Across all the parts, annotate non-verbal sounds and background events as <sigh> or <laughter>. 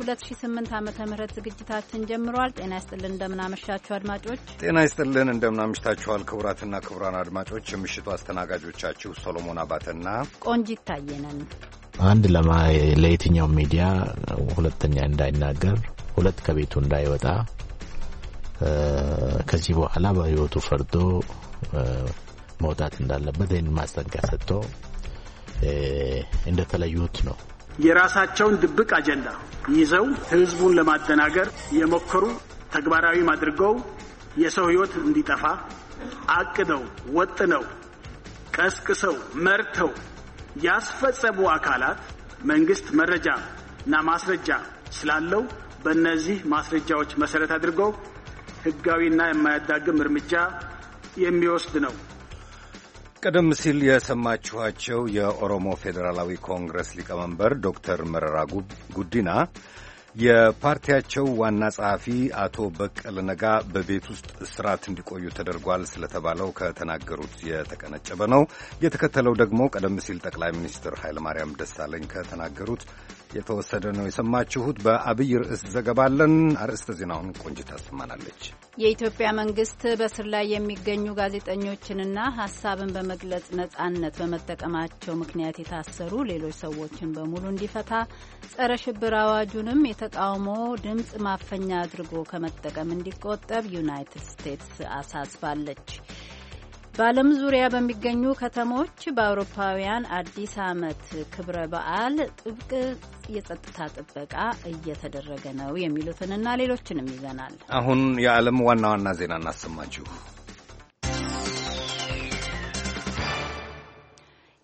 2008 ዓ ም ዝግጅታችን ጀምሯል። ጤና ይስጥልን እንደምናመሻችሁ አድማጮች። ጤና ይስጥልን እንደምናመሽታችኋል ክቡራትና ክቡራን አድማጮች። የምሽቱ አስተናጋጆቻችሁ ሶሎሞን አባተና ቆንጂ ይታየነን። አንድ ለማ ለየትኛው ሚዲያ ሁለተኛ እንዳይናገር፣ ሁለት ከቤቱ እንዳይወጣ ከዚህ በኋላ በህይወቱ ፈርዶ መውጣት እንዳለበት ይህን ማስጠንቀቂያ ሰጥቶ እንደተለዩት ነው የራሳቸውን ድብቅ አጀንዳ ይዘው ህዝቡን ለማደናገር የሞከሩ ተግባራዊም አድርገው የሰው ህይወት እንዲጠፋ አቅደው ወጥነው ቀስቅሰው መርተው ያስፈጸሙ አካላት መንግስት መረጃ እና ማስረጃ ስላለው በእነዚህ ማስረጃዎች መሰረት አድርገው ህጋዊና የማያዳግም እርምጃ የሚወስድ ነው። ቀደም ሲል የሰማችኋቸው የኦሮሞ ፌዴራላዊ ኮንግረስ ሊቀመንበር ዶክተር መረራ ጉዲና የፓርቲያቸው ዋና ጸሐፊ አቶ በቀለ ነጋ በቤት ውስጥ እስራት እንዲቆዩ ተደርጓል ስለተባለው ከተናገሩት የተቀነጨበ ነው። የተከተለው ደግሞ ቀደም ሲል ጠቅላይ ሚኒስትር ኃይለማርያም ደሳለኝ ከተናገሩት የተወሰደ ነው የሰማችሁት። በአብይ ርዕስ ዘገባለን። አርዕስተ ዜናውን ቆንጅት ታሰማናለች። የኢትዮጵያ መንግስት በስር ላይ የሚገኙ ጋዜጠኞችንና ሀሳብን በመግለጽ ነጻነት በመጠቀማቸው ምክንያት የታሰሩ ሌሎች ሰዎችን በሙሉ እንዲፈታ ጸረ ሽብር አዋጁንም የተቃውሞ ድምፅ ማፈኛ አድርጎ ከመጠቀም እንዲቆጠብ ዩናይትድ ስቴትስ አሳስባለች። በዓለም ዙሪያ በሚገኙ ከተሞች በአውሮፓውያን አዲስ ዓመት ክብረ በዓል ጥብቅ የጸጥታ ጥበቃ እየተደረገ ነው የሚሉትንና ሌሎችንም ይዘናል። አሁን የዓለም ዋና ዋና ዜና እናሰማችሁ።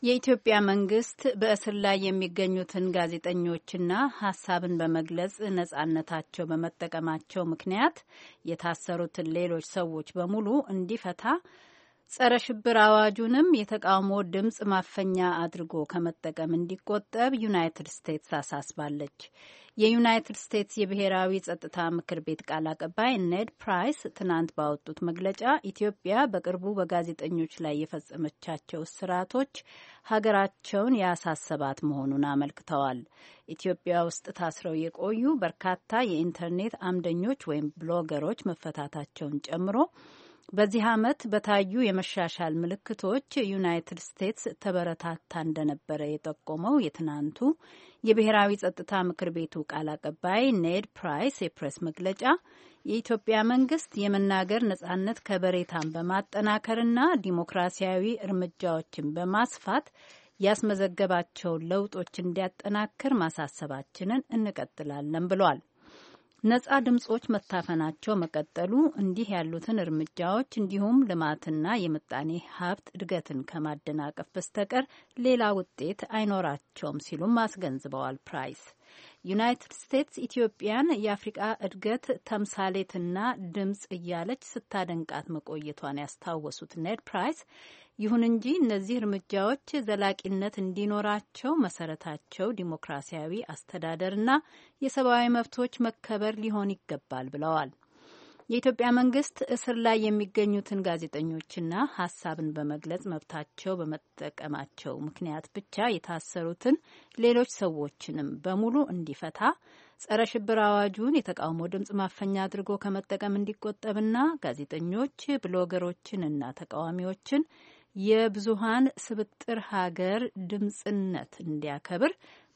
የኢትዮጵያ መንግስት በእስር ላይ የሚገኙትን ጋዜጠኞችና ሀሳብን በመግለጽ ነጻነታቸው በመጠቀማቸው ምክንያት የታሰሩትን ሌሎች ሰዎች በሙሉ እንዲፈታ ጸረ ሽብር አዋጁንም የተቃውሞ ድምፅ ማፈኛ አድርጎ ከመጠቀም እንዲቆጠብ ዩናይትድ ስቴትስ አሳስባለች። የዩናይትድ ስቴትስ የብሔራዊ ጸጥታ ምክር ቤት ቃል አቀባይ ኔድ ፕራይስ ትናንት ባወጡት መግለጫ ኢትዮጵያ በቅርቡ በጋዜጠኞች ላይ የፈጸመቻቸው እስራቶች ሀገራቸውን ያሳሰባት መሆኑን አመልክተዋል። ኢትዮጵያ ውስጥ ታስረው የቆዩ በርካታ የኢንተርኔት አምደኞች ወይም ብሎገሮች መፈታታቸውን ጨምሮ በዚህ ዓመት በታዩ የመሻሻል ምልክቶች ዩናይትድ ስቴትስ ተበረታታ እንደነበረ የጠቆመው የትናንቱ የብሔራዊ ጸጥታ ምክር ቤቱ ቃል አቀባይ ኔድ ፕራይስ የፕሬስ መግለጫ የኢትዮጵያ መንግስት የመናገር ነጻነት ከበሬታን በማጠናከርና ዲሞክራሲያዊ እርምጃዎችን በማስፋት ያስመዘገባቸውን ለውጦች እንዲያጠናክር ማሳሰባችንን እንቀጥላለን ብሏል። ነጻ ድምጾች መታፈናቸው መቀጠሉ እንዲህ ያሉትን እርምጃዎች እንዲሁም ልማትና የምጣኔ ሀብት እድገትን ከማደናቀፍ በስተቀር ሌላ ውጤት አይኖራቸውም ሲሉም አስገንዝበዋል ፕራይስ። ዩናይትድ ስቴትስ ኢትዮጵያን የአፍሪቃ እድገት ተምሳሌትና ድምፅ እያለች ስታደንቃት መቆየቷን ያስታወሱት ኔድ ፕራይስ ይሁን እንጂ እነዚህ እርምጃዎች ዘላቂነት እንዲኖራቸው መሰረታቸው ዲሞክራሲያዊ አስተዳደርና የሰብአዊ መብቶች መከበር ሊሆን ይገባል ብለዋል። የኢትዮጵያ መንግስት እስር ላይ የሚገኙትን ጋዜጠኞችና ሀሳብን በመግለጽ መብታቸው በመጠቀማቸው ምክንያት ብቻ የታሰሩትን ሌሎች ሰዎችንም በሙሉ እንዲፈታ ጸረ ሽብር አዋጁን የተቃውሞ ድምጽ ማፈኛ አድርጎ ከመጠቀም እንዲቆጠብና ጋዜጠኞች ብሎገሮችንና ተቃዋሚዎችን የብዙሀን ስብጥር ሀገር ድምጽነት እንዲያከብር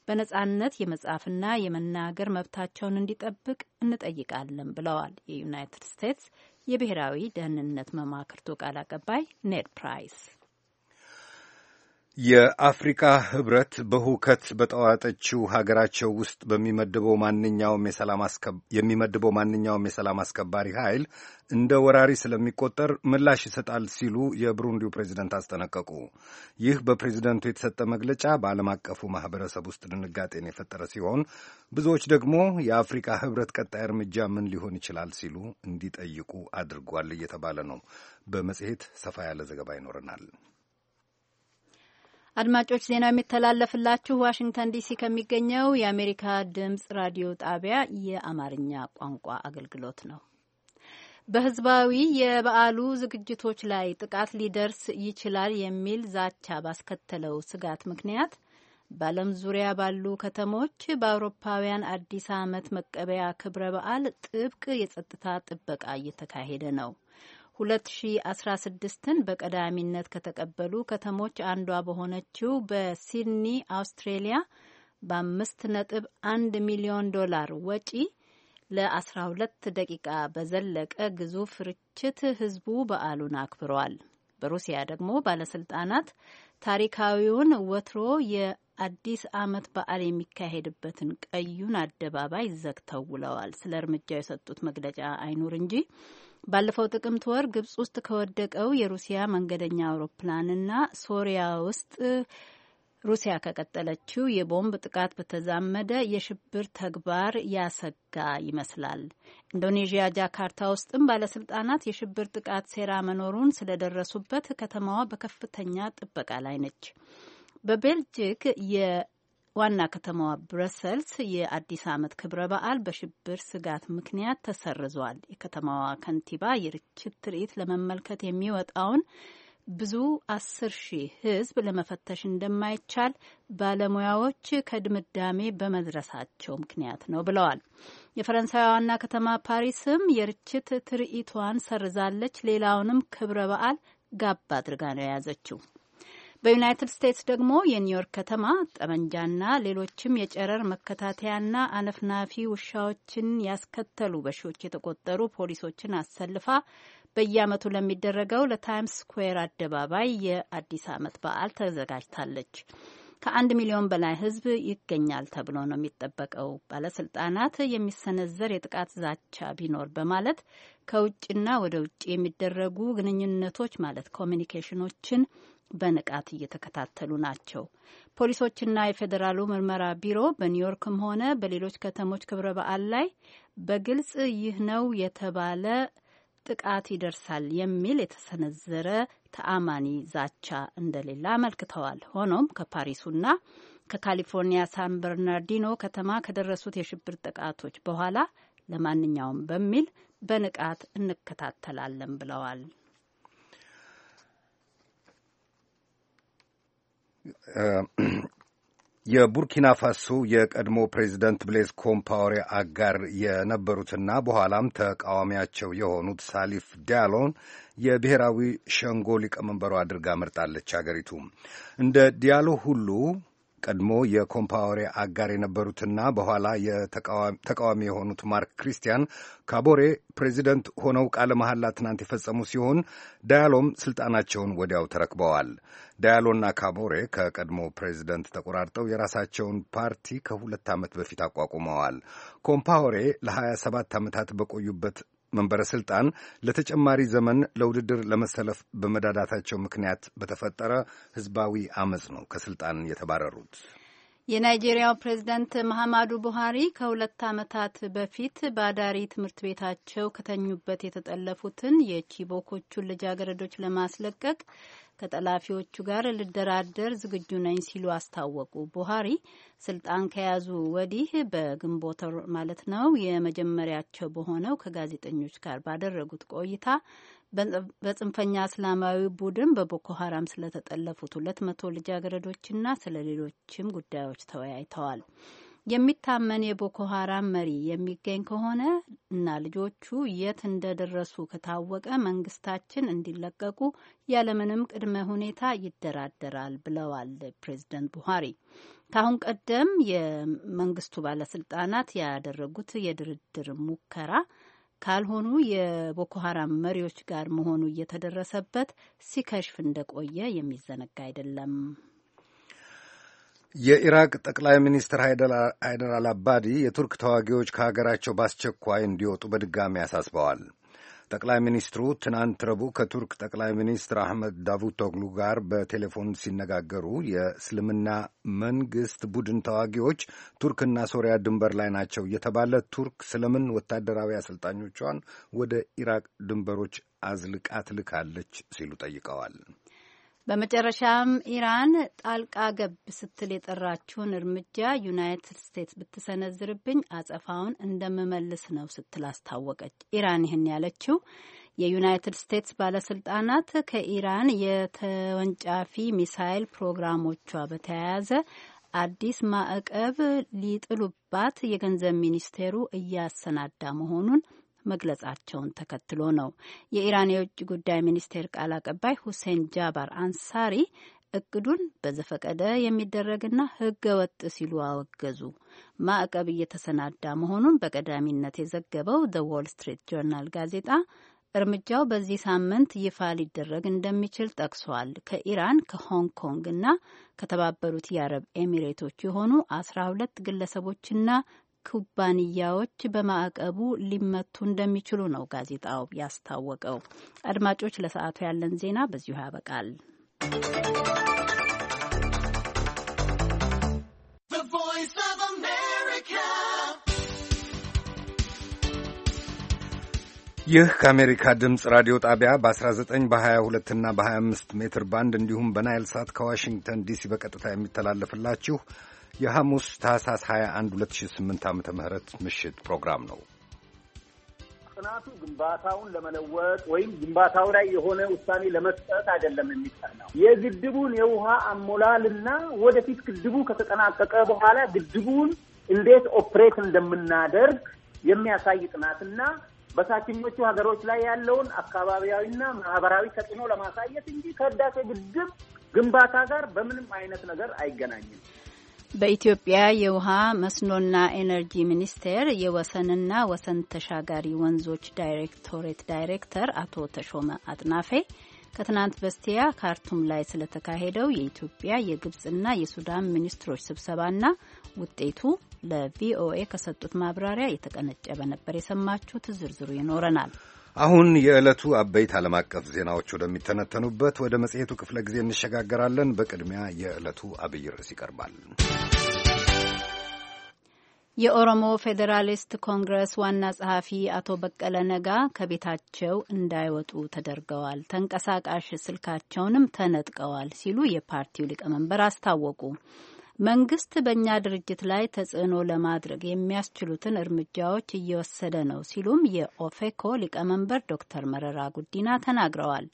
በነጻነት የመጻፍና የመናገር መብታቸውን እንዲጠብቅ እንጠይቃለን ብለዋል የዩናይትድ ስቴትስ የብሔራዊ ደህንነት መማክርቱ ቃል አቀባይ ኔድ ፕራይስ። የአፍሪካ ህብረት በሁከት በጠዋጠችው ሀገራቸው ውስጥ በሚመድበው ማንኛውም የሚመድበው ማንኛውም የሰላም አስከባሪ ኃይል እንደ ወራሪ ስለሚቆጠር ምላሽ ይሰጣል ሲሉ የብሩንዲው ፕሬዚደንት አስጠነቀቁ። ይህ በፕሬዚደንቱ የተሰጠ መግለጫ በዓለም አቀፉ ማህበረሰብ ውስጥ ድንጋጤን የፈጠረ ሲሆን ብዙዎች ደግሞ የአፍሪካ ህብረት ቀጣይ እርምጃ ምን ሊሆን ይችላል ሲሉ እንዲጠይቁ አድርጓል እየተባለ ነው። በመጽሔት ሰፋ ያለ ዘገባ ይኖረናል። አድማጮች ዜናው የሚተላለፍላችሁ ዋሽንግተን ዲሲ ከሚገኘው የአሜሪካ ድምጽ ራዲዮ ጣቢያ የአማርኛ ቋንቋ አገልግሎት ነው። በህዝባዊ የበዓሉ ዝግጅቶች ላይ ጥቃት ሊደርስ ይችላል የሚል ዛቻ ባስከተለው ስጋት ምክንያት በዓለም ዙሪያ ባሉ ከተሞች በአውሮፓውያን አዲስ ዓመት መቀበያ ክብረ በዓል ጥብቅ የጸጥታ ጥበቃ እየተካሄደ ነው። 2016ን በቀዳሚነት ከተቀበሉ ከተሞች አንዷ በሆነችው በሲድኒ አውስትሬሊያ በአምስት ነጥብ አንድ ሚሊዮን ዶላር ወጪ ለ12 ደቂቃ በዘለቀ ግዙፍ ርችት ህዝቡ በዓሉን አክብረዋል። በሩሲያ ደግሞ ባለስልጣናት ታሪካዊውን ወትሮ አዲስ ዓመት በዓል የሚካሄድበትን ቀዩን አደባባይ ዘግተው ውለዋል። ስለ እርምጃው የሰጡት መግለጫ አይኑር እንጂ ባለፈው ጥቅምት ወር ግብጽ ውስጥ ከወደቀው የሩሲያ መንገደኛ አውሮፕላንና ሶሪያ ውስጥ ሩሲያ ከቀጠለችው የቦምብ ጥቃት በተዛመደ የሽብር ተግባር ያሰጋ ይመስላል። ኢንዶኔዥያ ጃካርታ ውስጥም ባለስልጣናት የሽብር ጥቃት ሴራ መኖሩን ስለደረሱበት ከተማዋ በከፍተኛ ጥበቃ ላይ ነች። በቤልጅክ የዋና ከተማዋ ብረሰልስ የአዲስ ዓመት ክብረ በዓል በሽብር ስጋት ምክንያት ተሰርዟል። የከተማዋ ከንቲባ የርችት ትርኢት ለመመልከት የሚወጣውን ብዙ አስር ሺህ ሕዝብ ለመፈተሽ እንደማይቻል ባለሙያዎች ከድምዳሜ በመድረሳቸው ምክንያት ነው ብለዋል። የፈረንሳይ ዋና ከተማ ፓሪስም የርችት ትርኢቷን ሰርዛለች። ሌላውንም ክብረ በዓል ጋብ አድርጋ ነው የያዘችው። በዩናይትድ ስቴትስ ደግሞ የኒውዮርክ ከተማ ጠመንጃና ሌሎችም የጨረር መከታተያና አነፍናፊ ውሻዎችን ያስከተሉ በሺዎች የተቆጠሩ ፖሊሶችን አሰልፋ በየዓመቱ ለሚደረገው ለታይምስ ስኩዌር አደባባይ የአዲስ ዓመት በዓል ተዘጋጅታለች። ከአንድ ሚሊዮን በላይ ሕዝብ ይገኛል ተብሎ ነው የሚጠበቀው። ባለስልጣናት የሚሰነዘር የጥቃት ዛቻ ቢኖር በማለት ከውጭና ወደ ውጭ የሚደረጉ ግንኙነቶች ማለት ኮሚኒኬሽኖችን በንቃት እየተከታተሉ ናቸው። ፖሊሶችና የፌዴራሉ ምርመራ ቢሮ በኒውዮርክም ሆነ በሌሎች ከተሞች ክብረ በዓል ላይ በግልጽ ይህ ነው የተባለ ጥቃት ይደርሳል የሚል የተሰነዘረ ተአማኒ ዛቻ እንደሌለ አመልክተዋል። ሆኖም ከፓሪሱና ከካሊፎርኒያ ሳን በርናርዲኖ ከተማ ከደረሱት የሽብር ጥቃቶች በኋላ ለማንኛውም በሚል በንቃት እንከታተላለን ብለዋል። <clears throat> የቡርኪና ፋሶ የቀድሞ ፕሬዚደንት ብሌዝ ኮምፓወሬ አጋር የነበሩትና በኋላም ተቃዋሚያቸው የሆኑት ሳሊፍ ዲያሎን የብሔራዊ ሸንጎ ሊቀመንበሩ አድርጋ መርጣለች። አገሪቱ እንደ ዲያሎ ሁሉ ቀድሞ የኮምፓወሬ አጋር የነበሩትና በኋላ ተቃዋሚ የሆኑት ማርክ ክሪስቲያን ካቦሬ ፕሬዚደንት ሆነው ቃለ መሐላ ትናንት የፈጸሙ ሲሆን ዳያሎም ስልጣናቸውን ወዲያው ተረክበዋል። ዳያሎና ካቦሬ ከቀድሞ ፕሬዚደንት ተቆራርጠው የራሳቸውን ፓርቲ ከሁለት ዓመት በፊት አቋቁመዋል። ኮምፓወሬ ለ27 ዓመታት በቆዩበት መንበረ ሥልጣን ለተጨማሪ ዘመን ለውድድር ለመሰለፍ በመዳዳታቸው ምክንያት በተፈጠረ ሕዝባዊ አመፅ ነው ከሥልጣን የተባረሩት። የናይጄሪያው ፕሬዝዳንት መሐማዱ ቡሃሪ ከሁለት ዓመታት በፊት በአዳሪ ትምህርት ቤታቸው ከተኙበት የተጠለፉትን የቺቦኮቹን ልጃገረዶች ለማስለቀቅ ከጠላፊዎቹ ጋር ልደራደር ዝግጁ ነኝ ሲሉ አስታወቁ። ቡሃሪ ስልጣን ከያዙ ወዲህ በግንቦት ማለት ነው የመጀመሪያቸው በሆነው ከጋዜጠኞች ጋር ባደረጉት ቆይታ በጽንፈኛ እስላማዊ ቡድን በቦኮ ሀራም ስለተጠለፉት ሁለት መቶ ልጃገረዶችና ስለ ሌሎችም ጉዳዮች ተወያይተዋል። የሚታመን የቦኮ ሀራም መሪ የሚገኝ ከሆነ እና ልጆቹ የት እንደደረሱ ከታወቀ መንግስታችን እንዲለቀቁ ያለምንም ቅድመ ሁኔታ ይደራደራል ብለዋል ፕሬዚደንት ቡሃሪ። ከአሁን ቀደም የመንግስቱ ባለስልጣናት ያደረጉት የድርድር ሙከራ ካልሆኑ የቦኮ ሀራም መሪዎች ጋር መሆኑ እየተደረሰበት ሲከሽፍ እንደቆየ የሚዘነጋ አይደለም። የኢራቅ ጠቅላይ ሚኒስትር ሃይደር አልአባዲ የቱርክ ተዋጊዎች ከሀገራቸው በአስቸኳይ እንዲወጡ በድጋሚ አሳስበዋል። ጠቅላይ ሚኒስትሩ ትናንት ረቡዕ ከቱርክ ጠቅላይ ሚኒስትር አህመድ ዳቡቶግሉ ጋር በቴሌፎን ሲነጋገሩ የእስልምና መንግስት ቡድን ተዋጊዎች ቱርክና ሶሪያ ድንበር ላይ ናቸው የተባለ ቱርክ ስለምን ወታደራዊ አሰልጣኞቿን ወደ ኢራቅ ድንበሮች አዝልቃ ትልካለች ሲሉ ጠይቀዋል። በመጨረሻም ኢራን ጣልቃ ገብ ስትል የጠራችውን እርምጃ ዩናይትድ ስቴትስ ብትሰነዝርብኝ አጸፋውን እንደምመልስ ነው ስትል አስታወቀች። ኢራን ይህን ያለችው የዩናይትድ ስቴትስ ባለስልጣናት ከኢራን የተወንጫፊ ሚሳይል ፕሮግራሞቿ በተያያዘ አዲስ ማዕቀብ ሊጥሉባት የገንዘብ ሚኒስቴሩ እያሰናዳ መሆኑን መግለጻቸውን ተከትሎ ነው። የኢራን የውጭ ጉዳይ ሚኒስቴር ቃል አቀባይ ሁሴን ጃባር አንሳሪ እቅዱን በዘፈቀደ የሚደረግና ሕገ ወጥ ሲሉ አወገዙ። ማዕቀብ እየተሰናዳ መሆኑን በቀዳሚነት የዘገበው ዘ ዎል ስትሪት ጆርናል ጋዜጣ እርምጃው በዚህ ሳምንት ይፋ ሊደረግ እንደሚችል ጠቅሷል። ከኢራን ከሆንግ ኮንግ እና ከተባበሩት የአረብ ኤሚሬቶች የሆኑ አስራ ሁለት ግለሰቦችና ኩባንያዎች በማዕቀቡ ሊመቱ እንደሚችሉ ነው ጋዜጣው ያስታወቀው። አድማጮች፣ ለሰዓቱ ያለን ዜና በዚሁ ያበቃል። ይህ ከአሜሪካ ድምፅ ራዲዮ ጣቢያ በ19 በ22 እና በ25 ሜትር ባንድ እንዲሁም በናይል ሳት ከዋሽንግተን ዲሲ በቀጥታ የሚተላለፍላችሁ የሐሙስ ታህሳስ 21 2008 ዓ ም ምሽት ፕሮግራም ነው። ጥናቱ ግንባታውን ለመለወጥ ወይም ግንባታው ላይ የሆነ ውሳኔ ለመስጠት አይደለም የሚጠናው የግድቡን የውሃ አሞላልና ወደፊት ግድቡ ከተጠናቀቀ በኋላ ግድቡን እንዴት ኦፕሬት እንደምናደርግ የሚያሳይ ጥናትና በታችኞቹ ሀገሮች ላይ ያለውን አካባቢያዊና ማህበራዊ ተጽዕኖ ለማሳየት እንጂ ከህዳሴ ግድብ ግንባታ ጋር በምንም አይነት ነገር አይገናኝም። በኢትዮጵያ የውሃ መስኖና ኤነርጂ ሚኒስቴር የወሰንና ወሰን ተሻጋሪ ወንዞች ዳይሬክቶሬት ዳይሬክተር አቶ ተሾመ አጥናፌ ከትናንት በስቲያ ካርቱም ላይ ስለተካሄደው የኢትዮጵያ የግብጽና የሱዳን ሚኒስትሮች ስብሰባና ውጤቱ ለቪኦኤ ከሰጡት ማብራሪያ የተቀነጨበ ነበር የሰማችሁት። ዝርዝሩ ይኖረናል። አሁን የዕለቱ አበይት ዓለም አቀፍ ዜናዎች ወደሚተነተኑበት ወደ መጽሔቱ ክፍለ ጊዜ እንሸጋገራለን። በቅድሚያ የዕለቱ አብይ ርዕስ ይቀርባል። የኦሮሞ ፌዴራሊስት ኮንግረስ ዋና ጸሐፊ አቶ በቀለ ነጋ ከቤታቸው እንዳይወጡ ተደርገዋል፣ ተንቀሳቃሽ ስልካቸውንም ተነጥቀዋል ሲሉ የፓርቲው ሊቀመንበር አስታወቁ። መንግስት በእኛ ድርጅት ላይ ተጽዕኖ ለማድረግ የሚያስችሉትን እርምጃዎች እየወሰደ ነው ሲሉም የኦፌኮ ሊቀመንበር ዶክተር መረራ ጉዲና ተናግረዋል።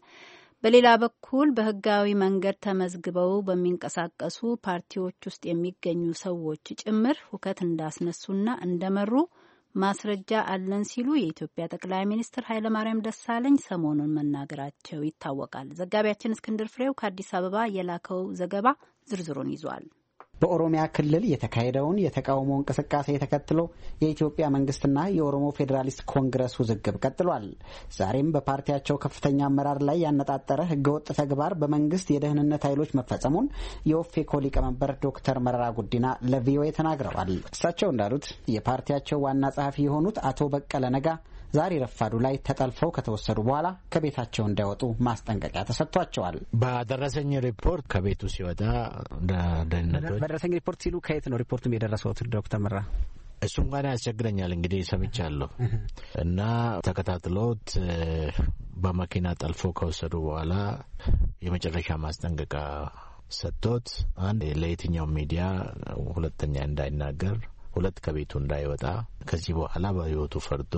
በሌላ በኩል በህጋዊ መንገድ ተመዝግበው በሚንቀሳቀሱ ፓርቲዎች ውስጥ የሚገኙ ሰዎች ጭምር ሁከት እንዳስነሱና እንደመሩ ማስረጃ አለን ሲሉ የኢትዮጵያ ጠቅላይ ሚኒስትር ኃይለማርያም ደሳለኝ ሰሞኑን መናገራቸው ይታወቃል። ዘጋቢያችን እስክንድር ፍሬው ከአዲስ አበባ የላከው ዘገባ ዝርዝሩን ይዟል። በኦሮሚያ ክልል የተካሄደውን የተቃውሞ እንቅስቃሴ ተከትሎ የኢትዮጵያ መንግስትና የኦሮሞ ፌዴራሊስት ኮንግረስ ውዝግብ ቀጥሏል። ዛሬም በፓርቲያቸው ከፍተኛ አመራር ላይ ያነጣጠረ ህገወጥ ተግባር በመንግስት የደህንነት ኃይሎች መፈጸሙን የኦፌኮ ሊቀመንበር ዶክተር መረራ ጉዲና ለቪኦኤ ተናግረዋል። እሳቸው እንዳሉት የፓርቲያቸው ዋና ጸሐፊ የሆኑት አቶ በቀለ ነጋ ዛሬ ረፋዱ ላይ ተጠልፈው ከተወሰዱ በኋላ ከቤታቸው እንዳይወጡ ማስጠንቀቂያ ተሰጥቷቸዋል። በደረሰኝ ሪፖርት ከቤቱ ሲወጣ ደህንነቶች በደረሰኝ ሪፖርት ሲሉ ከየት ነው ሪፖርቱም የደረሰውት ዶክተር ምራ? እሱ እንኳን ያስቸግረኛል እንግዲህ ሰምቻለሁ እና ተከታትሎት በመኪና ጠልፎ ከወሰዱ በኋላ የመጨረሻ ማስጠንቀቂያ ሰጥቶት አንድ ለየትኛው ሚዲያ ሁለተኛ እንዳይናገር ሁለት ከቤቱ እንዳይወጣ ከዚህ በኋላ በህይወቱ ፈርዶ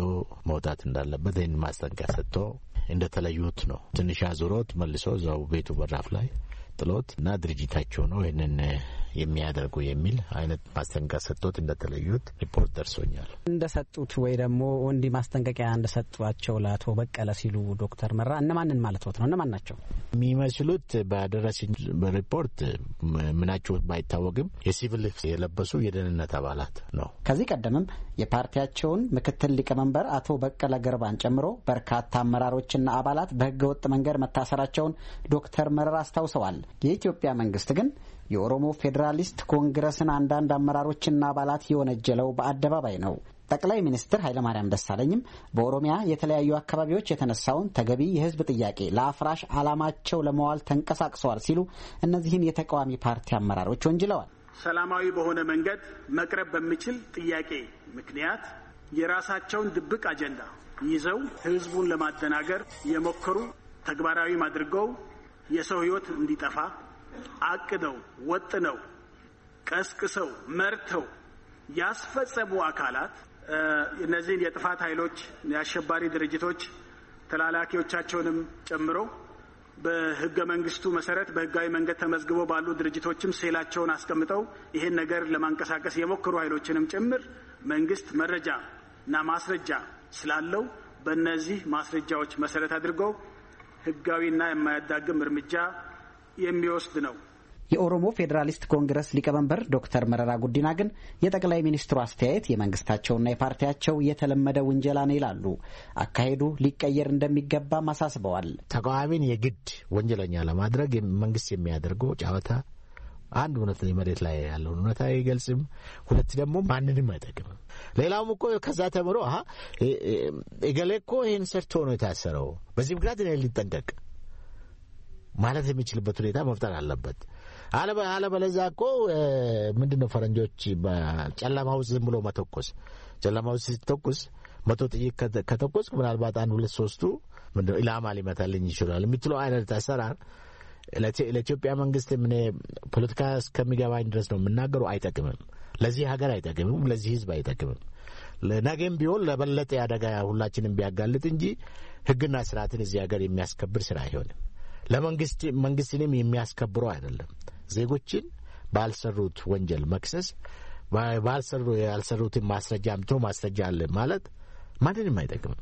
መውጣት እንዳለበት ይህን ማስጠንቀቂያ ሰጥቶ እንደተለዩት ነው። ትንሽ አዙሮት መልሶ እዛው ቤቱ በራፍ ላይ ጥሎት እና ድርጅታቸው ነው ይህንን የሚያደርጉ የሚል አይነት ማስጠንቀቂያ ሰጥቶት እንደተለዩት ሪፖርት ደርሶኛል። እንደሰጡት ወይ ደግሞ ወንዲ ማስጠንቀቂያ እንደሰጧቸው ለአቶ በቀለ ሲሉ ዶክተር መራ እነማንን ማለት ነው? እነማን ናቸው የሚመስሉት? በደረሰኝ ሪፖርት ምናቸው ባይታወቅም የሲቪል ልብስ የለበሱ የደህንነት አባላት ነው። ከዚህ ቀደምም የፓርቲያቸውን ምክትል ሊቀመንበር አቶ በቀለ ገርባን ጨምሮ በርካታ አመራሮችና አባላት በህገወጥ መንገድ መታሰራቸውን ዶክተር መረራ አስታውሰዋል። የኢትዮጵያ መንግስት ግን የኦሮሞ ፌዴራሊስት ኮንግረስን አንዳንድ አመራሮችና አባላት የወነጀለው በአደባባይ ነው። ጠቅላይ ሚኒስትር ኃይለማርያም ደሳለኝም በኦሮሚያ የተለያዩ አካባቢዎች የተነሳውን ተገቢ የህዝብ ጥያቄ ለአፍራሽ አላማቸው ለመዋል ተንቀሳቅሰዋል ሲሉ እነዚህን የተቃዋሚ ፓርቲ አመራሮች ወንጅለዋል። ሰላማዊ በሆነ መንገድ መቅረብ በሚችል ጥያቄ ምክንያት የራሳቸውን ድብቅ አጀንዳ ይዘው ህዝቡን ለማደናገር የሞከሩ ተግባራዊም አድርገው የሰው ህይወት እንዲጠፋ አቅደው ወጥነው ቀስቅሰው መርተው ያስፈጸሙ አካላት እነዚህን የጥፋት ኃይሎች የአሸባሪ ድርጅቶች ተላላኪዎቻቸውንም ጨምሮ በህገ መንግስቱ መሰረት በህጋዊ መንገድ ተመዝግበው ባሉ ድርጅቶችም ሴላቸውን አስቀምጠው ይህን ነገር ለማንቀሳቀስ የሞከሩ ኃይሎችንም ጭምር መንግስት መረጃ እና ማስረጃ ስላለው በእነዚህ ማስረጃዎች መሰረት አድርገው ህጋዊና የማያዳግም እርምጃ የሚወስድ ነው። የኦሮሞ ፌዴራሊስት ኮንግረስ ሊቀመንበር ዶክተር መረራ ጉዲና ግን የጠቅላይ ሚኒስትሩ አስተያየት የመንግስታቸውና የፓርቲያቸው የተለመደ ውንጀላ ነው ይላሉ። አካሄዱ ሊቀየር እንደሚገባም አሳስበዋል። ተቃዋሚን የግድ ወንጀለኛ ለማድረግ መንግስት የሚያደርገው ጨዋታ አንድ እውነት መሬት ላይ ያለውን እውነት አይገልጽም። ሁለት ደግሞ ማንንም አይጠቅምም። ሌላውም እኮ ከዛ ተምሮ እገሌ እኮ ይህን ሰርቶ ነው የታሰረው፣ በዚህ ምክንያት እኔ ሊጠንቀቅ ማለት የሚችልበት ሁኔታ መፍጠር አለበት። አለበለዛ እኮ ምንድን ነው ፈረንጆች ጨለማ ውስጥ ዝም ብሎ መተኮስ። ጨለማ ውስጥ ሲተኩስ መቶ ጥይት ከተኮስ ምናልባት አንድ ሁለት ሶስቱ ኢላማ ሊመታልኝ ይችላል የምትለው አይነት አሰራር ለኢትዮጵያ መንግስት እኔ ፖለቲካ እስከሚገባኝ ድረስ ነው የምናገሩ። አይጠቅምም፣ ለዚህ ሀገር አይጠቅምም፣ ለዚህ ህዝብ አይጠቅምም። ነገም ቢሆን ለበለጠ አደጋ ሁላችንም ቢያጋልጥ እንጂ ህግና ስርዓትን እዚህ ሀገር የሚያስከብር ስራ አይሆንም። ለመንግስት መንግስትንም የሚያስከብረው አይደለም። ዜጎችን ባልሰሩት ወንጀል መክሰስ ባልሰሩ ያልሰሩትን ማስረጃ አምጥቶ ማስረጃ አለ ማለት ማንንም አይጠቅምም።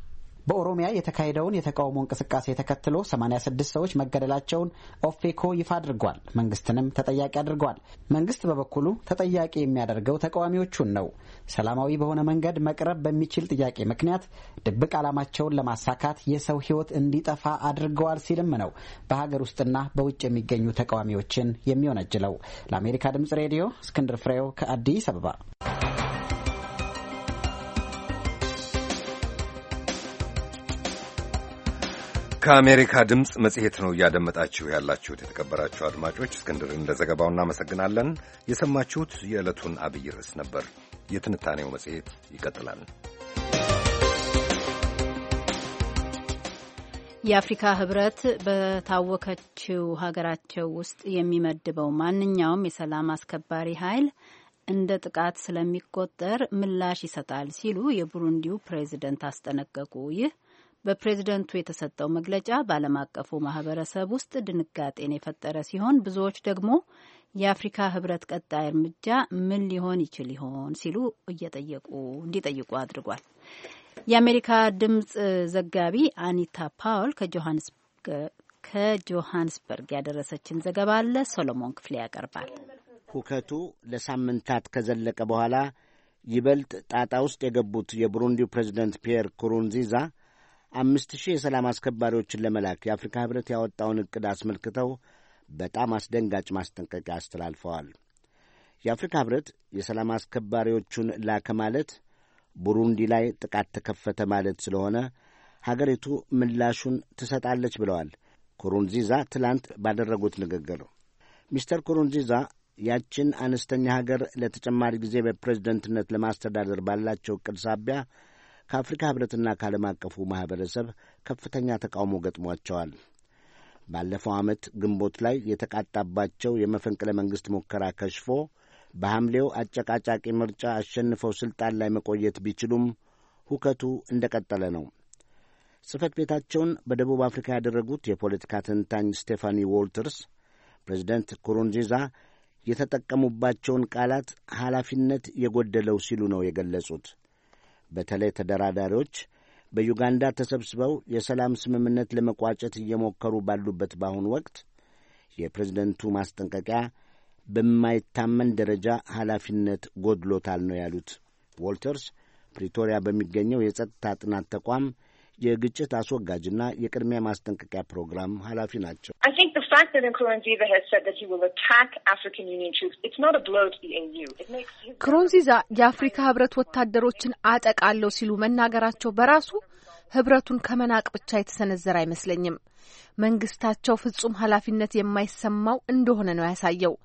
በኦሮሚያ የተካሄደውን የተቃውሞ እንቅስቃሴ ተከትሎ 86 ሰዎች መገደላቸውን ኦፌኮ ይፋ አድርጓል። መንግስትንም ተጠያቂ አድርጓል። መንግስት በበኩሉ ተጠያቂ የሚያደርገው ተቃዋሚዎቹን ነው። ሰላማዊ በሆነ መንገድ መቅረብ በሚችል ጥያቄ ምክንያት ድብቅ ዓላማቸውን ለማሳካት የሰው ህይወት እንዲጠፋ አድርገዋል ሲልም ነው በሀገር ውስጥና በውጭ የሚገኙ ተቃዋሚዎችን የሚወነጅለው። ለአሜሪካ ድምጽ ሬዲዮ እስክንድር ፍሬው ከአዲስ አበባ ከአሜሪካ ድምፅ መጽሔት ነው እያደመጣችሁ ያላችሁት። የተከበራችሁ አድማጮች እስክንድርን ለዘገባው እናመሰግናለን። የሰማችሁት የዕለቱን አብይ ርዕስ ነበር። የትንታኔው መጽሔት ይቀጥላል። የአፍሪካ ህብረት በታወከችው ሀገራቸው ውስጥ የሚመድበው ማንኛውም የሰላም አስከባሪ ኃይል እንደ ጥቃት ስለሚቆጠር ምላሽ ይሰጣል ሲሉ የቡሩንዲው ፕሬዚደንት አስጠነቀቁ። ይህ በፕሬዝደንቱ የተሰጠው መግለጫ በዓለም አቀፉ ማህበረሰብ ውስጥ ድንጋጤን የፈጠረ ሲሆን ብዙዎች ደግሞ የአፍሪካ ህብረት ቀጣይ እርምጃ ምን ሊሆን ይችል ይሆን ሲሉ እየጠየቁ እንዲጠይቁ አድርጓል። የአሜሪካ ድምጽ ዘጋቢ አኒታ ፓውል ከጆሃንስበርግ ያደረሰችን ዘገባ አለ። ሶሎሞን ክፍሌ ያቀርባል። ሁከቱ ለሳምንታት ከዘለቀ በኋላ ይበልጥ ጣጣ ውስጥ የገቡት የቡሩንዲው ፕሬዝደንት ፒየር ኩሩንዚዛ አምስት ሺህ የሰላም አስከባሪዎችን ለመላክ የአፍሪካ ህብረት ያወጣውን ዕቅድ አስመልክተው በጣም አስደንጋጭ ማስጠንቀቂያ አስተላልፈዋል። የአፍሪካ ህብረት የሰላም አስከባሪዎቹን ላከ ማለት ቡሩንዲ ላይ ጥቃት ተከፈተ ማለት ስለሆነ ሀገሪቱ ምላሹን ትሰጣለች ብለዋል ኩሩንዚዛ ትላንት ባደረጉት ንግግር። ሚስተር ኩሩንዚዛ ያችን አነስተኛ ሀገር ለተጨማሪ ጊዜ በፕሬዝደንትነት ለማስተዳደር ባላቸው ዕቅድ ሳቢያ ከአፍሪካ ህብረትና ከዓለም አቀፉ ማኅበረሰብ ከፍተኛ ተቃውሞ ገጥሟቸዋል። ባለፈው ዓመት ግንቦት ላይ የተቃጣባቸው የመፈንቅለ መንግሥት ሙከራ ከሽፎ በሐምሌው አጨቃጫቂ ምርጫ አሸንፈው ሥልጣን ላይ መቆየት ቢችሉም ሁከቱ እንደ ቀጠለ ነው። ጽሕፈት ቤታቸውን በደቡብ አፍሪካ ያደረጉት የፖለቲካ ተንታኝ ስቴፋኒ ዎልተርስ ፕሬዚደንት ኩሩንዚዛ የተጠቀሙባቸውን ቃላት ኃላፊነት የጎደለው ሲሉ ነው የገለጹት። በተለይ ተደራዳሪዎች በዩጋንዳ ተሰብስበው የሰላም ስምምነት ለመቋጨት እየሞከሩ ባሉበት በአሁኑ ወቅት የፕሬዝደንቱ ማስጠንቀቂያ በማይታመን ደረጃ ኃላፊነት ጎድሎታል ነው ያሉት ዎልተርስ ፕሪቶሪያ በሚገኘው የጸጥታ ጥናት ተቋም የግጭት አስወጋጅና የቅድሚያ ማስጠንቀቂያ ፕሮግራም ኃላፊ ናቸው። ክሮንዚዛ e የአፍሪካ ህብረት ወታደሮችን አጠቃለሁ ሲሉ መናገራቸው በራሱ ህብረቱን ከመናቅ ብቻ የተሰነዘረ አይመስለኝም። መንግስታቸው ፍጹም ኃላፊነት የማይሰማው እንደሆነ ነው ያሳየው።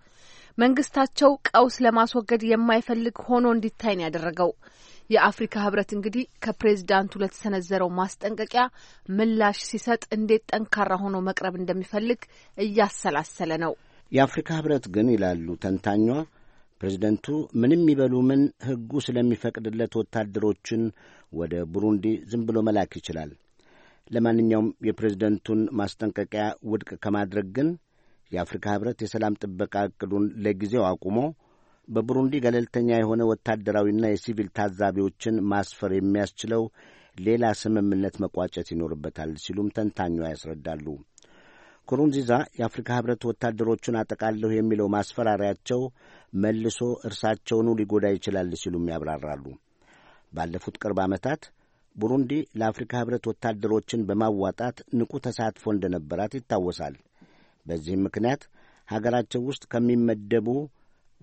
መንግስታቸው ቀውስ ለማስወገድ የማይፈልግ ሆኖ እንዲታይ ነው ያደረገው። የአፍሪካ ህብረት እንግዲህ ከፕሬዚዳንቱ ለተሰነዘረው ማስጠንቀቂያ ምላሽ ሲሰጥ እንዴት ጠንካራ ሆኖ መቅረብ እንደሚፈልግ እያሰላሰለ ነው። የአፍሪካ ህብረት ግን ይላሉ ተንታኟ ፕሬዚደንቱ ምንም ይበሉ ምን ህጉ ስለሚፈቅድለት ወታደሮችን ወደ ቡሩንዲ ዝም ብሎ መላክ ይችላል። ለማንኛውም የፕሬዚደንቱን ማስጠንቀቂያ ውድቅ ከማድረግ ግን የአፍሪካ ህብረት የሰላም ጥበቃ እቅዱን ለጊዜው አቁሞ በቡሩንዲ ገለልተኛ የሆነ ወታደራዊና የሲቪል ታዛቢዎችን ማስፈር የሚያስችለው ሌላ ስምምነት መቋጨት ይኖርበታል ሲሉም ተንታኟ ያስረዳሉ። ኩሩንዚዛ የአፍሪካ ህብረት ወታደሮቹን አጠቃለሁ የሚለው ማስፈራሪያቸው መልሶ እርሳቸውኑ ሊጎዳ ይችላል ሲሉም ያብራራሉ። ባለፉት ቅርብ ዓመታት ቡሩንዲ ለአፍሪካ ህብረት ወታደሮችን በማዋጣት ንቁ ተሳትፎ እንደነበራት ይታወሳል። በዚህም ምክንያት ሀገራቸው ውስጥ ከሚመደቡ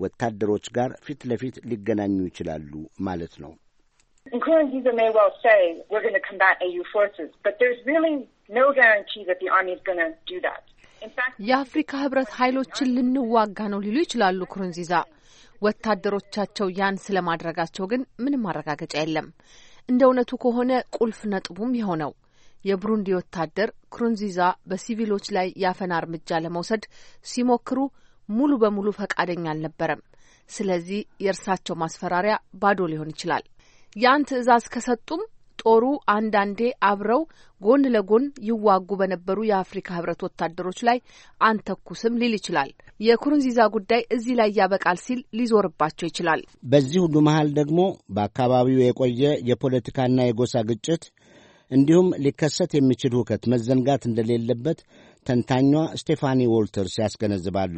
ወታደሮች ጋር ፊት ለፊት ሊገናኙ ይችላሉ ማለት ነው። የአፍሪካ ህብረት ኃይሎችን ልንዋጋ ነው ሊሉ ይችላሉ ኩሩንዚዛ። ወታደሮቻቸው ያን ስለማድረጋቸው ግን ምንም ማረጋገጫ የለም። እንደ እውነቱ ከሆነ ቁልፍ ነጥቡም የሆነው የብሩንዲ ወታደር ኩሩንዚዛ በሲቪሎች ላይ ያፈና እርምጃ ለመውሰድ ሲሞክሩ ሙሉ በሙሉ ፈቃደኛ አልነበረም። ስለዚህ የእርሳቸው ማስፈራሪያ ባዶ ሊሆን ይችላል። ያን ትዕዛዝ ከሰጡም ጦሩ አንዳንዴ አብረው ጎን ለጎን ይዋጉ በነበሩ የአፍሪካ ህብረት ወታደሮች ላይ አንተኩስም ሊል ይችላል። የኩሩንዚዛ ጉዳይ እዚህ ላይ ያበቃል ሲል ሊዞርባቸው ይችላል። በዚህ ሁሉ መሀል ደግሞ በአካባቢው የቆየ የፖለቲካና የጎሳ ግጭት እንዲሁም ሊከሰት የሚችል ሁከት መዘንጋት እንደሌለበት ተንታኟ ስቴፋኒ ዎልተርስ ያስገነዝባሉ።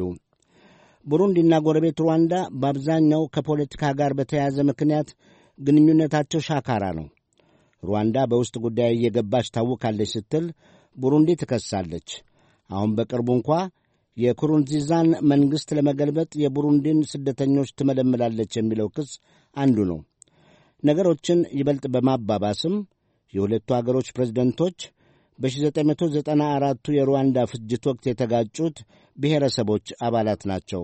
ቡሩንዲና ጎረቤት ሩዋንዳ በአብዛኛው ከፖለቲካ ጋር በተያያዘ ምክንያት ግንኙነታቸው ሻካራ ነው። ሩዋንዳ በውስጥ ጉዳይ እየገባች ታውካለች ስትል ቡሩንዲ ትከሳለች። አሁን በቅርቡ እንኳ የኩሩንዚዛን መንግሥት ለመገልበጥ የቡሩንዲን ስደተኞች ትመለምላለች የሚለው ክስ አንዱ ነው። ነገሮችን ይበልጥ በማባባስም የሁለቱ አገሮች ፕሬዝደንቶች በ1994ቱ የሩዋንዳ ፍጅት ወቅት የተጋጩት ብሔረሰቦች አባላት ናቸው።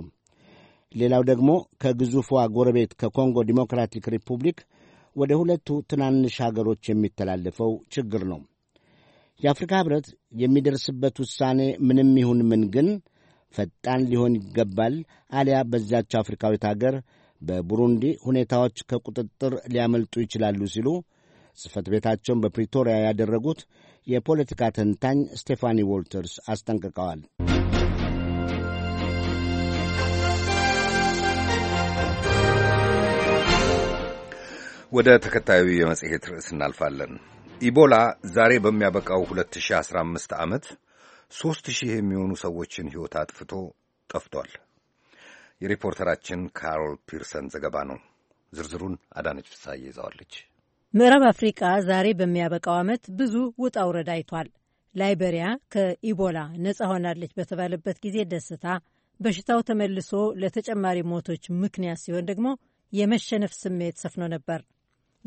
ሌላው ደግሞ ከግዙፏ ጎረቤት ከኮንጎ ዲሞክራቲክ ሪፑብሊክ ወደ ሁለቱ ትናንሽ አገሮች የሚተላለፈው ችግር ነው። የአፍሪካ ኅብረት የሚደርስበት ውሳኔ ምንም ይሁን ምን ግን ፈጣን ሊሆን ይገባል። አሊያ በዚያች አፍሪካዊት አገር በቡሩንዲ ሁኔታዎች ከቁጥጥር ሊያመልጡ ይችላሉ ሲሉ ጽሕፈት ቤታቸውን በፕሪቶሪያ ያደረጉት የፖለቲካ ተንታኝ ስቴፋኒ ዎልተርስ አስጠንቅቀዋል። ወደ ተከታዩ የመጽሔት ርዕስ እናልፋለን። ኢቦላ ዛሬ በሚያበቃው 2015 ዓመት ሦስት ሺህ የሚሆኑ ሰዎችን ሕይወት አጥፍቶ ጠፍቷል። የሪፖርተራችን ካሮል ፒርሰን ዘገባ ነው። ዝርዝሩን አዳነች ፍሳዬ ይዘዋለች። ምዕራብ አፍሪቃ ዛሬ በሚያበቃው ዓመት ብዙ ውጣ ውረድ አይቷል። ላይበሪያ ከኢቦላ ነፃ ሆናለች በተባለበት ጊዜ ደስታ፣ በሽታው ተመልሶ ለተጨማሪ ሞቶች ምክንያት ሲሆን ደግሞ የመሸነፍ ስሜት ሰፍኖ ነበር።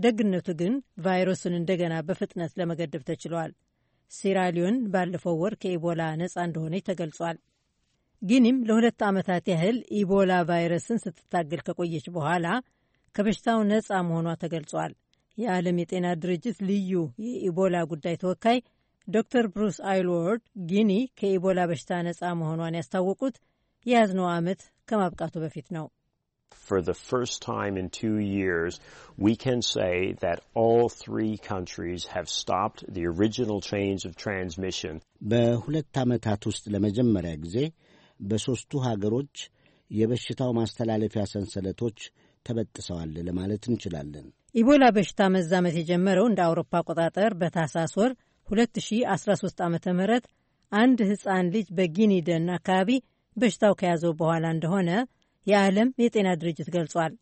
ደግነቱ ግን ቫይረሱን እንደገና በፍጥነት ለመገደብ ተችሏል። ሲራሊዮን ባለፈው ወር ከኢቦላ ነፃ እንደሆነች ተገልጿል። ጊኒም ለሁለት ዓመታት ያህል ኢቦላ ቫይረስን ስትታገል ከቆየች በኋላ ከበሽታው ነፃ መሆኗ ተገልጿል። የዓለም የጤና ድርጅት ልዩ የኢቦላ ጉዳይ ተወካይ ዶክተር ብሩስ አይልወርድ ጊኒ ከኢቦላ በሽታ ነፃ መሆኗን ያስታወቁት የያዝነው ዓመት ከማብቃቱ በፊት ነው። For the first time in two years, we can say that all three countries have stopped the original chains of transmission. በሁለት ዓመታት ውስጥ ለመጀመሪያ ጊዜ በሦስቱ ሀገሮች የበሽታው ማስተላለፊያ ሰንሰለቶች ተበጥሰዋል ለማለት እንችላለን። ኢቦላ በሽታ መዛመት የጀመረው እንደ አውሮፓ አቆጣጠር በታህሳስ ወር 2013 ዓ ም አንድ ህፃን ልጅ በጊኒደን አካባቢ በሽታው ከያዘው በኋላ እንደሆነ የዓለም የጤና ድርጅት ገልጿል።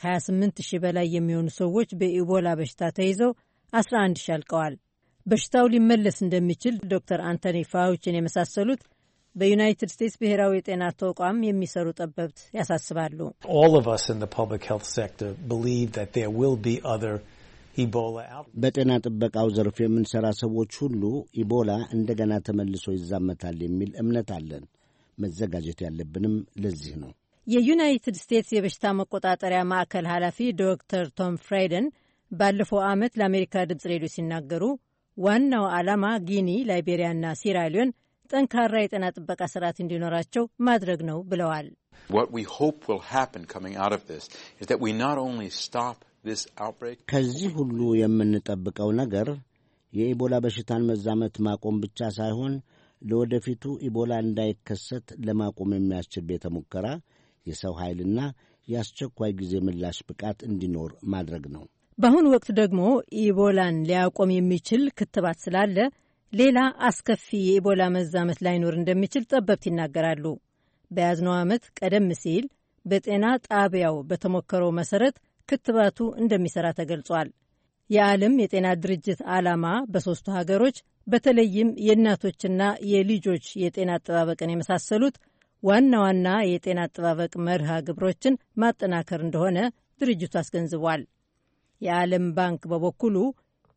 ከ28 ሺህ በላይ የሚሆኑ ሰዎች በኢቦላ በሽታ ተይዘው 11 ሺህ አልቀዋል። በሽታው ሊመለስ እንደሚችል ዶክተር አንቶኒ ፋውችን የመሳሰሉት በዩናይትድ ስቴትስ ብሔራዊ የጤና ተቋም የሚሰሩ ጠበብት ያሳስባሉ። በጤና ጥበቃው ዘርፍ የምንሰራ ሰዎች ሁሉ ኢቦላ እንደገና ተመልሶ ይዛመታል የሚል እምነት አለን። መዘጋጀት ያለብንም ለዚህ ነው። የዩናይትድ ስቴትስ የበሽታ መቆጣጠሪያ ማዕከል ኃላፊ ዶክተር ቶም ፍራይደን ባለፈው ዓመት ለአሜሪካ ድምፅ ሬዲዮ ሲናገሩ ዋናው ዓላማ ጊኒ፣ ላይቤሪያና ሲራሊዮን ጠንካራ የጤና ጥበቃ ስርዓት እንዲኖራቸው ማድረግ ነው ብለዋል። ከዚህ ሁሉ የምንጠብቀው ነገር የኢቦላ በሽታን መዛመት ማቆም ብቻ ሳይሆን ለወደፊቱ ኢቦላ እንዳይከሰት ለማቆም የሚያስችል ቤተ ሙከራ፣ የሰው ኃይልና የአስቸኳይ ጊዜ ምላሽ ብቃት እንዲኖር ማድረግ ነው። በአሁኑ ወቅት ደግሞ ኢቦላን ሊያቆም የሚችል ክትባት ስላለ ሌላ አስከፊ የኢቦላ መዛመት ላይኖር እንደሚችል ጠበብት ይናገራሉ። በያዝነው ዓመት ቀደም ሲል በጤና ጣቢያው በተሞከረው መሰረት ክትባቱ እንደሚሰራ ተገልጿል። የዓለም የጤና ድርጅት ዓላማ በሦስቱ ሀገሮች በተለይም የእናቶችና የልጆች የጤና አጠባበቅን የመሳሰሉት ዋና ዋና የጤና አጠባበቅ መርሃ ግብሮችን ማጠናከር እንደሆነ ድርጅቱ አስገንዝቧል። የዓለም ባንክ በበኩሉ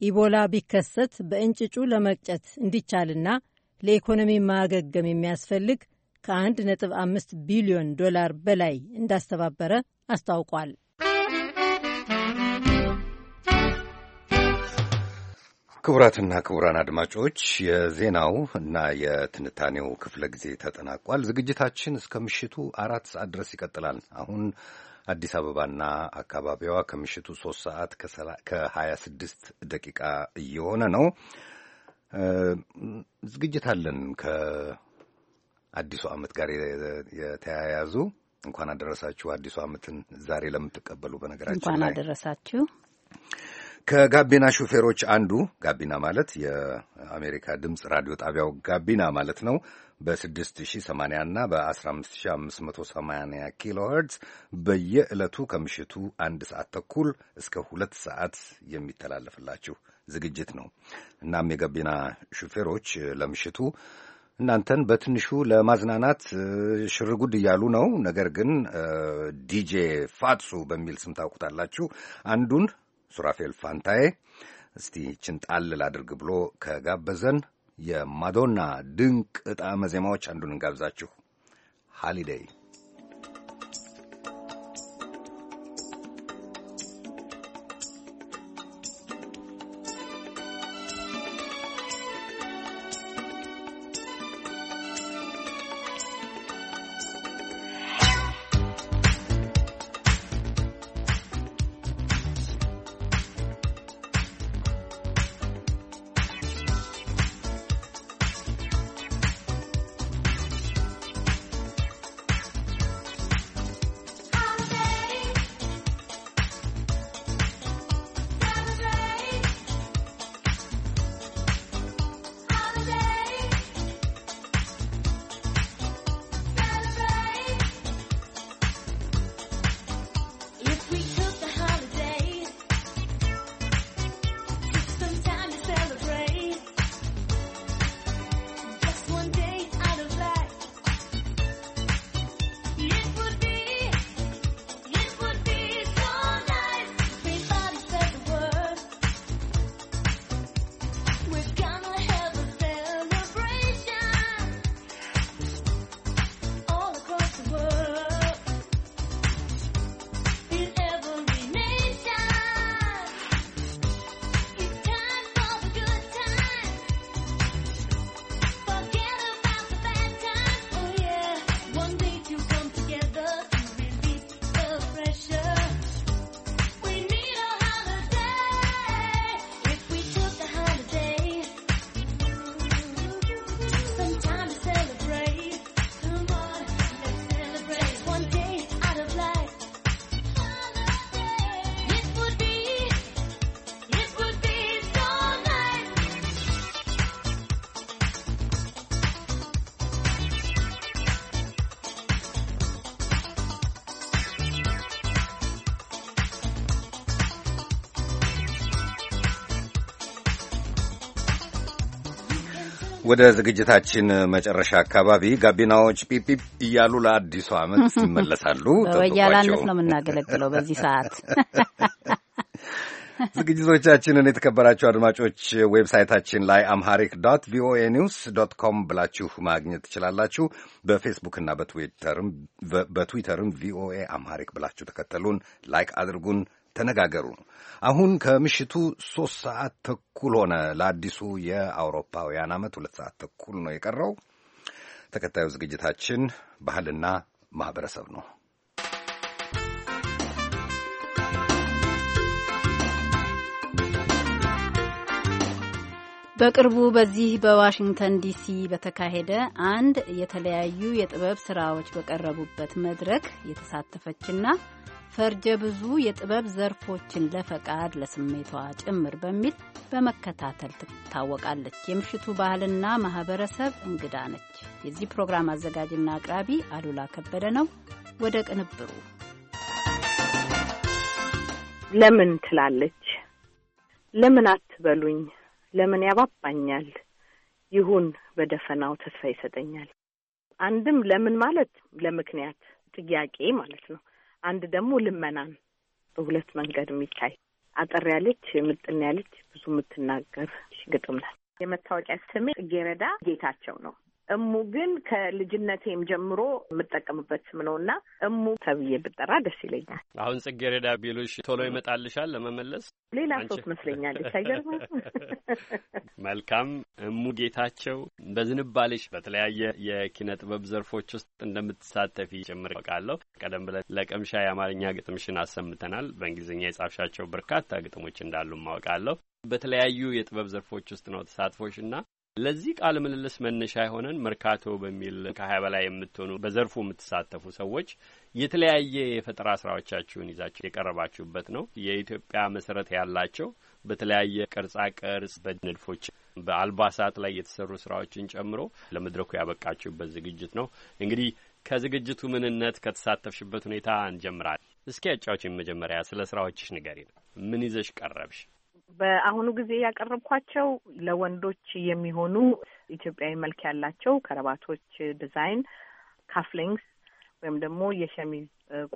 ኢቦላ ቢከሰት በእንጭጩ ለመቅጨት እንዲቻልና ለኢኮኖሚ ማገገም የሚያስፈልግ ከ1.5 ቢሊዮን ዶላር በላይ እንዳስተባበረ አስታውቋል። ክቡራትና ክቡራን አድማጮች የዜናው እና የትንታኔው ክፍለ ጊዜ ተጠናቋል። ዝግጅታችን እስከ ምሽቱ አራት ሰዓት ድረስ ይቀጥላል። አሁን አዲስ አበባና አካባቢዋ ከምሽቱ ሶስት ሰዓት ከሀያ ስድስት ደቂቃ እየሆነ ነው። ዝግጅት አለን ከአዲሱ ዓመት ጋር የተያያዙ እንኳን አደረሳችሁ። አዲሱ ዓመትን ዛሬ ለምትቀበሉ በነገራችን እንኳን አደረሳችሁ። ከጋቢና ሹፌሮች አንዱ ጋቢና ማለት የአሜሪካ ድምፅ ራዲዮ ጣቢያው ጋቢና ማለት ነው በ6080 እና በ15580 ኪሎ ሄርትዝ በየዕለቱ ከምሽቱ አንድ ሰዓት ተኩል እስከ ሁለት ሰዓት የሚተላለፍላችሁ ዝግጅት ነው። እናም የጋቢና ሹፌሮች ለምሽቱ እናንተን በትንሹ ለማዝናናት ሽርጉድ እያሉ ነው። ነገር ግን ዲጄ ፋጹ በሚል ስም ታውቁታላችሁ። አንዱን ሱራፌል ፋንታዬ እስቲ ችን ጣል ላድርግ ብሎ ከጋበዘን የማዶና ድንቅ ጣዕመ ዜማዎች አንዱን እንጋብዛችሁ ሃሊዴይ ወደ ዝግጅታችን መጨረሻ አካባቢ ጋቢናዎች ፒፒፕ እያሉ ለአዲሱ ዓመት ይመለሳሉ። <laughs> በወያላነት ነው የምናገለግለው በዚህ ሰዓት። <laughs> ዝግጅቶቻችንን የተከበራችሁ አድማጮች ዌብሳይታችን ላይ አምሃሪክ ዶት ቪኦኤ ኒውስ ዶት ኮም ብላችሁ ማግኘት ትችላላችሁ። በፌስቡክና በትዊተርም ቪኦኤ አምሃሪክ ብላችሁ ተከተሉን፣ ላይክ አድርጉን፣ ተነጋገሩ። አሁን ከምሽቱ ሦስት ሰዓት ተኩል ሆነ። ለአዲሱ የአውሮፓውያን ዓመት ሁለት ሰዓት ተኩል ነው የቀረው። ተከታዩ ዝግጅታችን ባህልና ማኅበረሰብ ነው። በቅርቡ በዚህ በዋሽንግተን ዲሲ በተካሄደ አንድ የተለያዩ የጥበብ ስራዎች በቀረቡበት መድረክ የተሳተፈችና ፈርጀ ብዙ የጥበብ ዘርፎችን ለፈቃድ ለስሜቷ ጭምር በሚል በመከታተል ትታወቃለች። የምሽቱ ባህልና ማህበረሰብ እንግዳ ነች። የዚህ ፕሮግራም አዘጋጅና አቅራቢ አሉላ ከበደ ነው። ወደ ቅንብሩ ለምን ትላለች። ለምን አትበሉኝ፣ ለምን ያባባኛል፣ ይሁን በደፈናው ተስፋ ይሰጠኛል። አንድም ለምን ማለት ለምክንያት ጥያቄ ማለት ነው። አንድ ደግሞ ልመናን በሁለት መንገድ የሚታይ አጠር ያለች ምጥን ያለች ብዙ የምትናገር ግጥም ናት። የመታወቂያ ስሜ ጽጌረዳ ጌታቸው ነው። እሙ ግን ከልጅነቴም ጀምሮ የምጠቀምበት ስም ነው እና እሙ ተብዬ ብጠራ ደስ ይለኛል። አሁን ጽጌረዳ ቢሉሽ ቶሎ ይመጣልሻል ለመመለስ ሌላ ሰው መስለኛል። አይገርም። <laughs> መልካም እሙ ጌታቸው፣ በዝንባሌሽ በተለያየ የኪነ ጥበብ ዘርፎች ውስጥ እንደምትሳተፊ ጭምር አውቃለሁ። ቀደም ብለን ለቅምሻ የአማርኛ ግጥምሽን አሰምተናል። በእንግሊዝኛ የጻፍሻቸው በርካታ ግጥሞች እንዳሉ አውቃለሁ። በተለያዩ የጥበብ ዘርፎች ውስጥ ነው ተሳትፎሽ እና ለዚህ ቃለ ምልልስ መነሻ የሆነን መርካቶ በሚል ከሀያ በላይ የምትሆኑ በዘርፉ የምትሳተፉ ሰዎች የተለያየ የፈጠራ ስራዎቻችሁን ይዛችሁ የቀረባችሁበት ነው። የኢትዮጵያ መሰረት ያላቸው በተለያየ ቅርጻ ቅርጽ፣ በንድፎች፣ በአልባሳት ላይ የተሰሩ ስራዎችን ጨምሮ ለመድረኩ ያበቃችሁበት ዝግጅት ነው። እንግዲህ ከዝግጅቱ ምንነት ከተሳተፍሽበት ሁኔታ እንጀምራለን። እስኪ ያጫዎች መጀመሪያ ስለ ስራዎችሽ ንገሪ ነው። ምን ይዘሽ ቀረብሽ? በአሁኑ ጊዜ ያቀረብኳቸው ለወንዶች የሚሆኑ ኢትዮጵያዊ መልክ ያላቸው ከረባቶች ዲዛይን፣ ካፍሊንግስ ወይም ደግሞ የሸሚዝ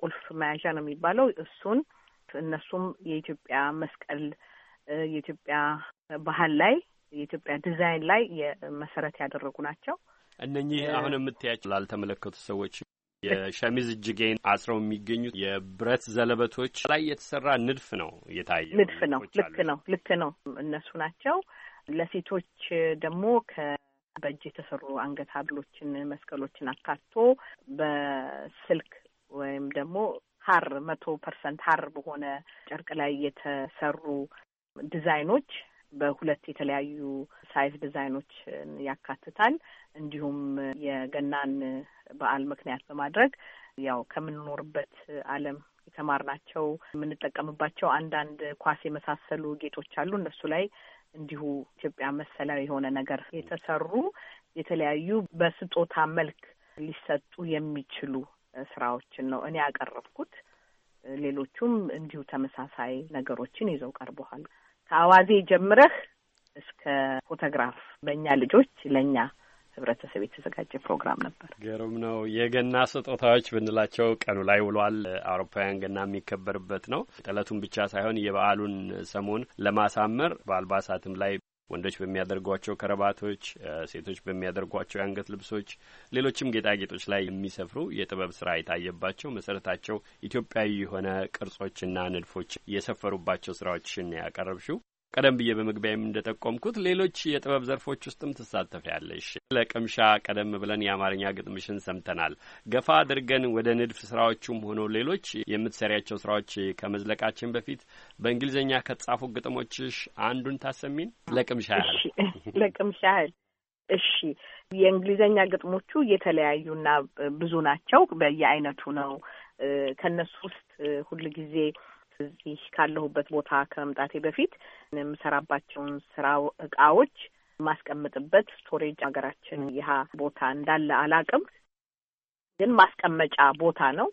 ቁልፍ መያዣ ነው የሚባለው እሱን እነሱም የኢትዮጵያ መስቀል የኢትዮጵያ ባህል ላይ የኢትዮጵያ ዲዛይን ላይ መሰረት ያደረጉ ናቸው። እነኚህ አሁን የምትያቸው ላልተመለከቱ ሰዎች የሸሚዝ እጅጌን አስረው የሚገኙት የብረት ዘለበቶች ላይ የተሰራ ንድፍ ነው የታየው። ንድፍ ነው። ልክ ነው። ልክ ነው። እነሱ ናቸው። ለሴቶች ደግሞ ከበእጅ የተሰሩ አንገት ሀብሎችን፣ መስቀሎችን አካቶ በስልክ ወይም ደግሞ ሀር መቶ ፐርሰንት ሀር በሆነ ጨርቅ ላይ የተሰሩ ዲዛይኖች በሁለት የተለያዩ ሳይዝ ዲዛይኖችን ያካትታል። እንዲሁም የገናን በዓል ምክንያት በማድረግ ያው ከምንኖርበት ዓለም የተማርናቸው የምንጠቀምባቸው አንዳንድ ኳስ የመሳሰሉ ጌጦች አሉ። እነሱ ላይ እንዲሁ ኢትዮጵያ መሰላዊ የሆነ ነገር የተሰሩ የተለያዩ በስጦታ መልክ ሊሰጡ የሚችሉ ስራዎችን ነው እኔ ያቀረብኩት። ሌሎቹም እንዲሁ ተመሳሳይ ነገሮችን ይዘው ቀርበዋል። ከአዋዜ ጀምረህ እስከ ፎቶግራፍ በእኛ ልጆች ለእኛ ህብረተሰብ የተዘጋጀ ፕሮግራም ነበር። ግሩም ነው። የገና ስጦታዎች ብንላቸው ቀኑ ላይ ውሏል። አውሮፓውያን ገና የሚከበርበት ነው። ጥለቱን ብቻ ሳይሆን የበዓሉን ሰሞን ለማሳመር በአልባሳትም ላይ ወንዶች በሚያደርጓቸው ከረባቶች፣ ሴቶች በሚያደርጓቸው የአንገት ልብሶች፣ ሌሎችም ጌጣጌጦች ላይ የሚሰፍሩ የጥበብ ስራ የታየባቸው መሰረታቸው ኢትዮጵያዊ የሆነ ቅርጾችና ንድፎች የሰፈሩባቸው ስራዎችን ያቀረብሽው ቀደም ብዬ በመግቢያም እንደጠቆምኩት ሌሎች የጥበብ ዘርፎች ውስጥም ትሳተፊያለሽ። ለቅምሻ ቀደም ብለን የአማርኛ ግጥምሽን ሰምተናል። ገፋ አድርገን ወደ ንድፍ ስራዎቹም ሆኖ ሌሎች የምትሰሪያቸው ስራዎች ከመዝለቃችን በፊት በእንግሊዝኛ ከተጻፉ ግጥሞችሽ አንዱን ታሰሚን? ለቅምሻ ያህል ለቅምሻ ያህል። እሺ፣ የእንግሊዝኛ ግጥሞቹ የተለያዩና ብዙ ናቸው። በየአይነቱ ነው። ከእነሱ ውስጥ ሁልጊዜ እዚህ ካለሁበት ቦታ ከመምጣቴ በፊት የምሰራባቸውን ስራ እቃዎች ማስቀምጥበት ስቶሬጅ ሀገራችን ይሀ ቦታ እንዳለ አላቅም፣ ግን ማስቀመጫ ቦታ ነው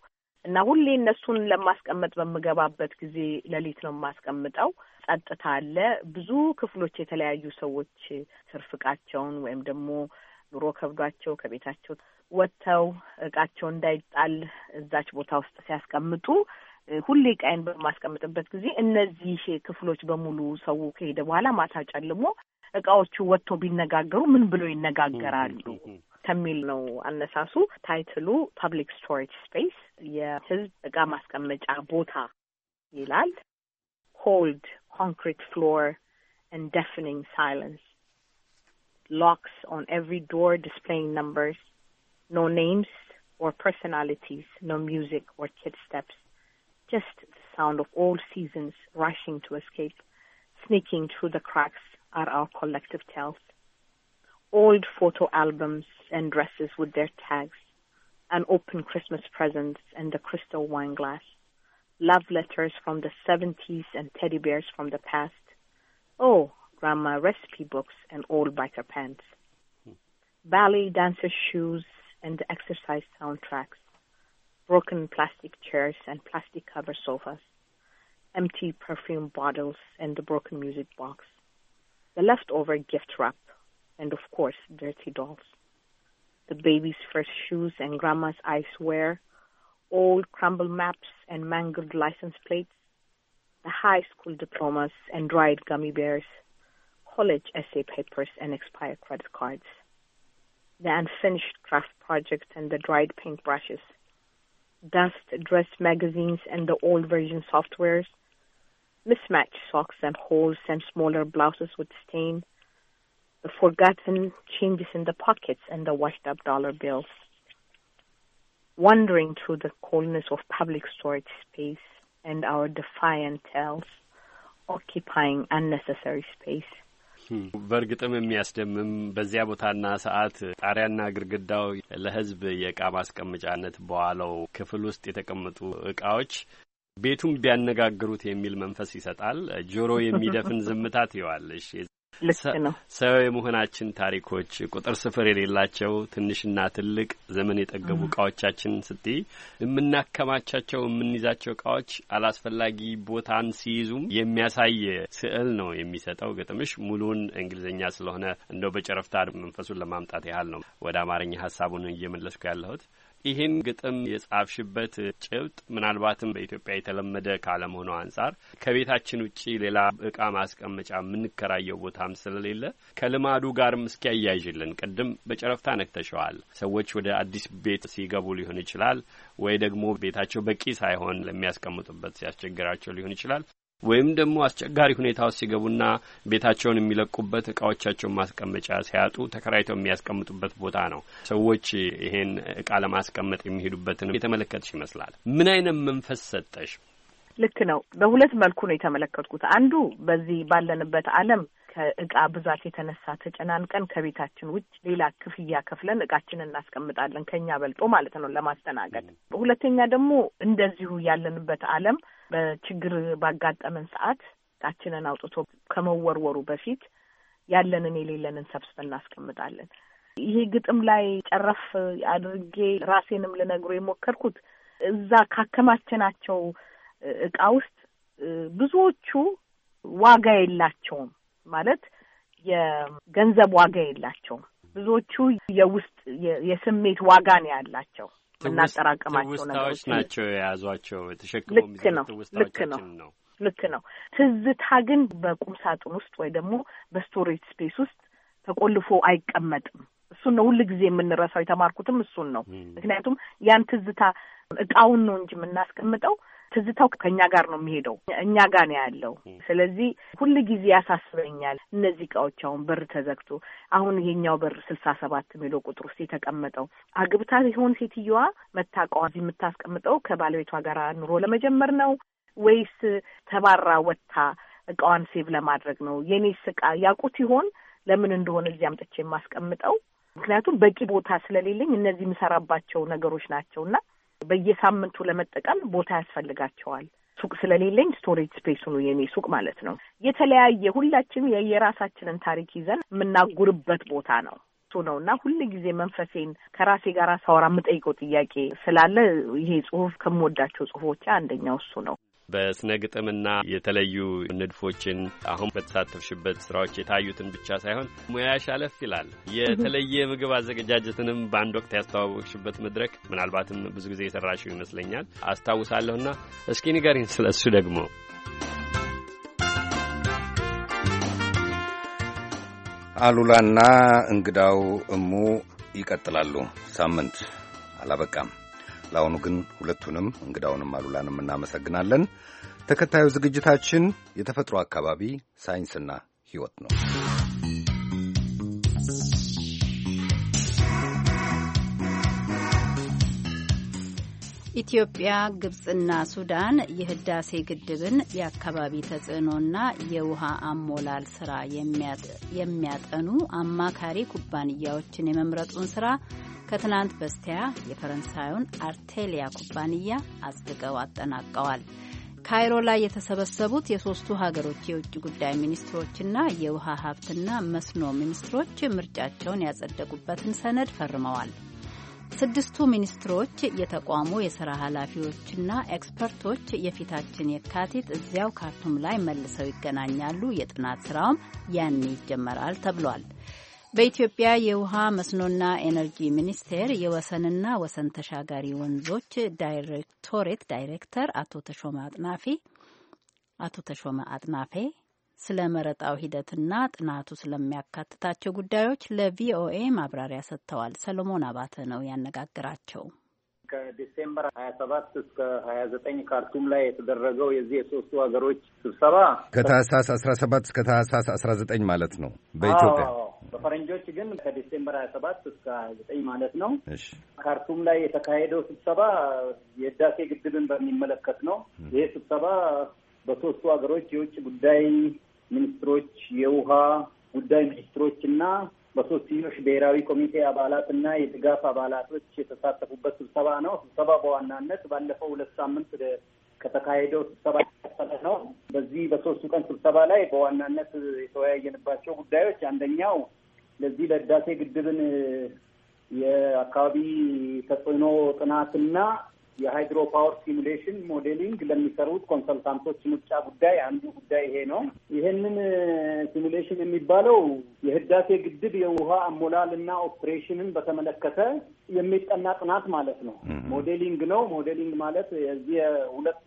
እና ሁሌ እነሱን ለማስቀመጥ በምገባበት ጊዜ ሌሊት ነው የማስቀምጠው። ጸጥታ አለ። ብዙ ክፍሎች የተለያዩ ሰዎች ስርፍቃቸውን ወይም ደግሞ ኑሮ ከብዷቸው ከቤታቸው ወጥተው እቃቸው እንዳይጣል እዛች ቦታ ውስጥ ሲያስቀምጡ ሁሌ ቀይን በማስቀምጥበት ጊዜ እነዚህ ክፍሎች በሙሉ ሰው ከሄደ በኋላ ማታ ጨልሞ እቃዎቹ ወጥቶ ቢነጋገሩ ምን ብሎ ይነጋገራሉ ከሚል ነው አነሳሱ። ታይትሉ ፐብሊክ ስቶሬጅ ስፔስ የህዝብ እቃ ማስቀመጫ ቦታ ይላል። ኮልድ ኮንክሪት ፍሎር and deafening silence. Locks on every door displaying numbers. No names or personalities. No music or kid steps just the sound of all seasons rushing to escape, sneaking through the cracks are our collective tales. Old photo albums and dresses with their tags, open Christmas presents and the crystal wine glass, love letters from the 70s and teddy bears from the past. Oh, grandma recipe books and old biker pants. Hmm. Ballet dancer shoes and the exercise soundtracks broken plastic chairs and plastic covered sofas, empty perfume bottles and the broken music box, the leftover gift wrap, and of course, dirty dolls. The baby's first shoes and grandma's eyewear, old crumbled maps and mangled license plates, the high school diplomas and dried gummy bears, college essay papers and expired credit cards, the unfinished craft projects and the dried paintbrushes, dust dressed magazines and the old version softwares, mismatched socks and holes and smaller blouses with stain, the forgotten changes in the pockets and the washed up dollar bills. Wandering through the coldness of public storage space and our defiant tales, occupying unnecessary space. በእርግጥም የሚያስደምም በዚያ ቦታና ሰዓት ጣሪያና ግድግዳው ለህዝብ የእቃ ማስቀመጫነት በዋለው ክፍል ውስጥ የተቀመጡ እቃዎች ቤቱም ቢያነጋግሩት የሚል መንፈስ ይሰጣል። ጆሮ የሚደፍን ዝምታ ትይዋለሽ። ልክ ነው። ሰው የመሆናችን ታሪኮች ቁጥር ስፍር የሌላቸው ትንሽና ትልቅ ዘመን የጠገቡ እቃዎቻችን ስትይ የምናከማቻቸው የምንይዛቸው እቃዎች አላስፈላጊ ቦታን ሲይዙም የሚያሳይ ስዕል ነው የሚሰጠው ግጥምሽ። ሙሉውን እንግሊዝኛ ስለሆነ እንደው በጨረፍታ መንፈሱን ለማምጣት ያህል ነው ወደ አማርኛ ሀሳቡን እየመለስኩ ያለሁት። ይህን ግጥም የጻፍሽበት ጭብጥ ምናልባትም በኢትዮጵያ የተለመደ ካለመሆኑ አንጻር ከቤታችን ውጪ ሌላ እቃ ማስቀመጫ የምንከራየው ቦታም ስለሌለ ከልማዱ ጋርም እስኪያያዥልን ቅድም በጨረፍታ ነክተሸዋል። ሰዎች ወደ አዲስ ቤት ሲገቡ ሊሆን ይችላል ወይ ደግሞ ቤታቸው በቂ ሳይሆን ለሚያስቀምጡበት ሲያስቸግራቸው ሊሆን ይችላል። ወይም ደግሞ አስቸጋሪ ሁኔታ ውስጥ ሲገቡና ቤታቸውን የሚለቁበት እቃዎቻቸውን ማስቀመጫ ሲያጡ ተከራይተው የሚያስቀምጡበት ቦታ ነው። ሰዎች ይሄን እቃ ለማስቀመጥ የሚሄዱበትን የተመለከትሽ ይመስላል። ምን አይነት መንፈስ ሰጠሽ? ልክ ነው። በሁለት መልኩ ነው የተመለከትኩት። አንዱ በዚህ ባለንበት ዓለም ከእቃ ብዛት የተነሳ ተጨናንቀን ከቤታችን ውጭ ሌላ ክፍያ ከፍለን እቃችንን እናስቀምጣለን፣ ከኛ በልጦ ማለት ነው ለማስተናገድ። ሁለተኛ ደግሞ እንደዚሁ ያለንበት ዓለም በችግር ባጋጠመን ሰዓት እቃችንን አውጥቶ ከመወርወሩ በፊት ያለንን የሌለንን ሰብስበን እናስቀምጣለን። ይሄ ግጥም ላይ ጨረፍ አድርጌ ራሴንም ልነግሮ የሞከርኩት እዛ ካከማቸናቸው እቃ ውስጥ ብዙዎቹ ዋጋ የላቸውም ማለት የገንዘብ ዋጋ የላቸውም። ብዙዎቹ የውስጥ የስሜት ዋጋ ነው ያላቸው። የምናጠራቀማቸው ነገሮች ናቸው የያዟቸው የተሸክመው ልክ ነው ልክ ነው ልክ ነው። ትዝታ ግን በቁም ሳጥን ውስጥ ወይ ደግሞ በስቶሬጅ ስፔስ ውስጥ ተቆልፎ አይቀመጥም። እሱን ነው ሁል ጊዜ የምንረሳው። የተማርኩትም እሱን ነው። ምክንያቱም ያን ትዝታ እቃውን ነው እንጂ የምናስቀምጠው ትዝታው ከእኛ ጋር ነው የሚሄደው፣ እኛ ጋር ነው ያለው። ስለዚህ ሁል ጊዜ ያሳስበኛል። እነዚህ እቃዎች አሁን በር ተዘግቶ አሁን ይሄኛው በር ስልሳ ሰባት የሚለው ቁጥር ውስጥ የተቀመጠው አግብታ ሲሆን ሴትየዋ መታቀዋ የምታስቀምጠው ከባለቤቷ ጋር ኑሮ ለመጀመር ነው ወይስ ተባራ ወጥታ እቃዋን ሴቭ ለማድረግ ነው? የኔስ እቃ ያውቁት ይሆን ለምን እንደሆነ እዚህ አምጥቼ የማስቀምጠው? ምክንያቱም በቂ ቦታ ስለሌለኝ እነዚህ የምሰራባቸው ነገሮች ናቸው እና በየሳምንቱ ለመጠቀም ቦታ ያስፈልጋቸዋል። ሱቅ ስለሌለኝ ስቶሬጅ ስፔስ ሆኑ የኔ ሱቅ ማለት ነው። የተለያየ ሁላችን የየራሳችንን ታሪክ ይዘን የምናጉርበት ቦታ ነው እሱ ነው እና ሁል ጊዜ መንፈሴን ከራሴ ጋር ሳወራ የምጠይቀው ጥያቄ ስላለ ይሄ ጽሁፍ ከምወዳቸው ጽሁፎች አንደኛው እሱ ነው። በስነ ግጥምና የተለዩ ንድፎችን አሁን በተሳተፍሽበት ስራዎች የታዩትን ብቻ ሳይሆን ሙያሽ አለፍ ይላል። የተለየ ምግብ አዘገጃጀትንም በአንድ ወቅት ያስተዋወቅሽበት መድረክ ምናልባትም ብዙ ጊዜ የሰራሽው ይመስለኛል አስታውሳለሁና እስኪ ንገሪን ስለ እሱ ደግሞ። አሉላና እንግዳው እሙ ይቀጥላሉ። ሳምንት አላበቃም። ለአሁኑ ግን ሁለቱንም እንግዳውንም አሉላንም እናመሰግናለን። ተከታዩ ዝግጅታችን የተፈጥሮ አካባቢ ሳይንስና ሕይወት ነው። ኢትዮጵያ፣ ግብጽና ሱዳን የህዳሴ ግድብን የአካባቢ ተጽዕኖና የውሃ አሞላል ስራ የሚያጠኑ አማካሪ ኩባንያዎችን የመምረጡን ስራ ከትናንት በስቲያ የፈረንሳዩን አርቴሊያ ኩባንያ አጽድቀው አጠናቀዋል። ካይሮ ላይ የተሰበሰቡት የሶስቱ ሀገሮች የውጭ ጉዳይ ሚኒስትሮችና የውሃ ሀብትና መስኖ ሚኒስትሮች ምርጫቸውን ያጸደቁበትን ሰነድ ፈርመዋል። ስድስቱ ሚኒስትሮች የተቋሙ የሥራ ኃላፊዎችና ኤክስፐርቶች የፊታችን የካቲት እዚያው ካርቱም ላይ መልሰው ይገናኛሉ። የጥናት ሥራውም ያኔ ይጀመራል ተብሏል። በኢትዮጵያ የውሃ መስኖና ኤነርጂ ሚኒስቴር የወሰንና ወሰን ተሻጋሪ ወንዞች ዳይሬክቶሬት ዳይሬክተር አቶ ተሾመ አጥናፌ አቶ ተሾመ አጥናፌ ስለ መረጣው ሂደትና ጥናቱ ስለሚያካትታቸው ጉዳዮች ለቪኦኤ ማብራሪያ ሰጥተዋል። ሰሎሞን አባተ ነው ያነጋግራቸው። ከዲሴምበር ሀያ ሰባት እስከ ሀያ ዘጠኝ ካርቱም ላይ የተደረገው የዚህ የሶስቱ ሀገሮች ስብሰባ ከታህሳስ አስራ ሰባት እስከ ታህሳስ አስራ ዘጠኝ ማለት ነው በኢትዮጵያ በፈረንጆች ግን ከዲሴምበር ሀያ ሰባት እስከ ሀያ ዘጠኝ ማለት ነው። ካርቱም ላይ የተካሄደው ስብሰባ የህዳሴ ግድብን በሚመለከት ነው። ይሄ ስብሰባ በሶስቱ ሀገሮች የውጭ ጉዳይ ሚኒስትሮች፣ የውሃ ጉዳይ ሚኒስትሮች እና በሶስትዮሽ ብሔራዊ ኮሚቴ አባላት እና የድጋፍ አባላቶች የተሳተፉበት ስብሰባ ነው። ስብሰባ በዋናነት ባለፈው ሁለት ሳምንት ከተካሄደው ስብሰባ ነው። በዚህ በሶስቱ ቀን ስብሰባ ላይ በዋናነት የተወያየንባቸው ጉዳዮች አንደኛው ለዚህ ለህዳሴ ግድብን የአካባቢ ተጽዕኖ ጥናትና የሃይድሮ ፓወር ሲሙሌሽን ሞዴሊንግ ለሚሰሩት ኮንሰልታንቶች ምርጫ ጉዳይ አንዱ ጉዳይ ይሄ ነው። ይሄንን ሲሙሌሽን የሚባለው የህዳሴ ግድብ የውሃ አሞላል እና ኦፕሬሽንን በተመለከተ የሚጠና ጥናት ማለት ነው። ሞዴሊንግ ነው። ሞዴሊንግ ማለት የዚህ የሁለቱ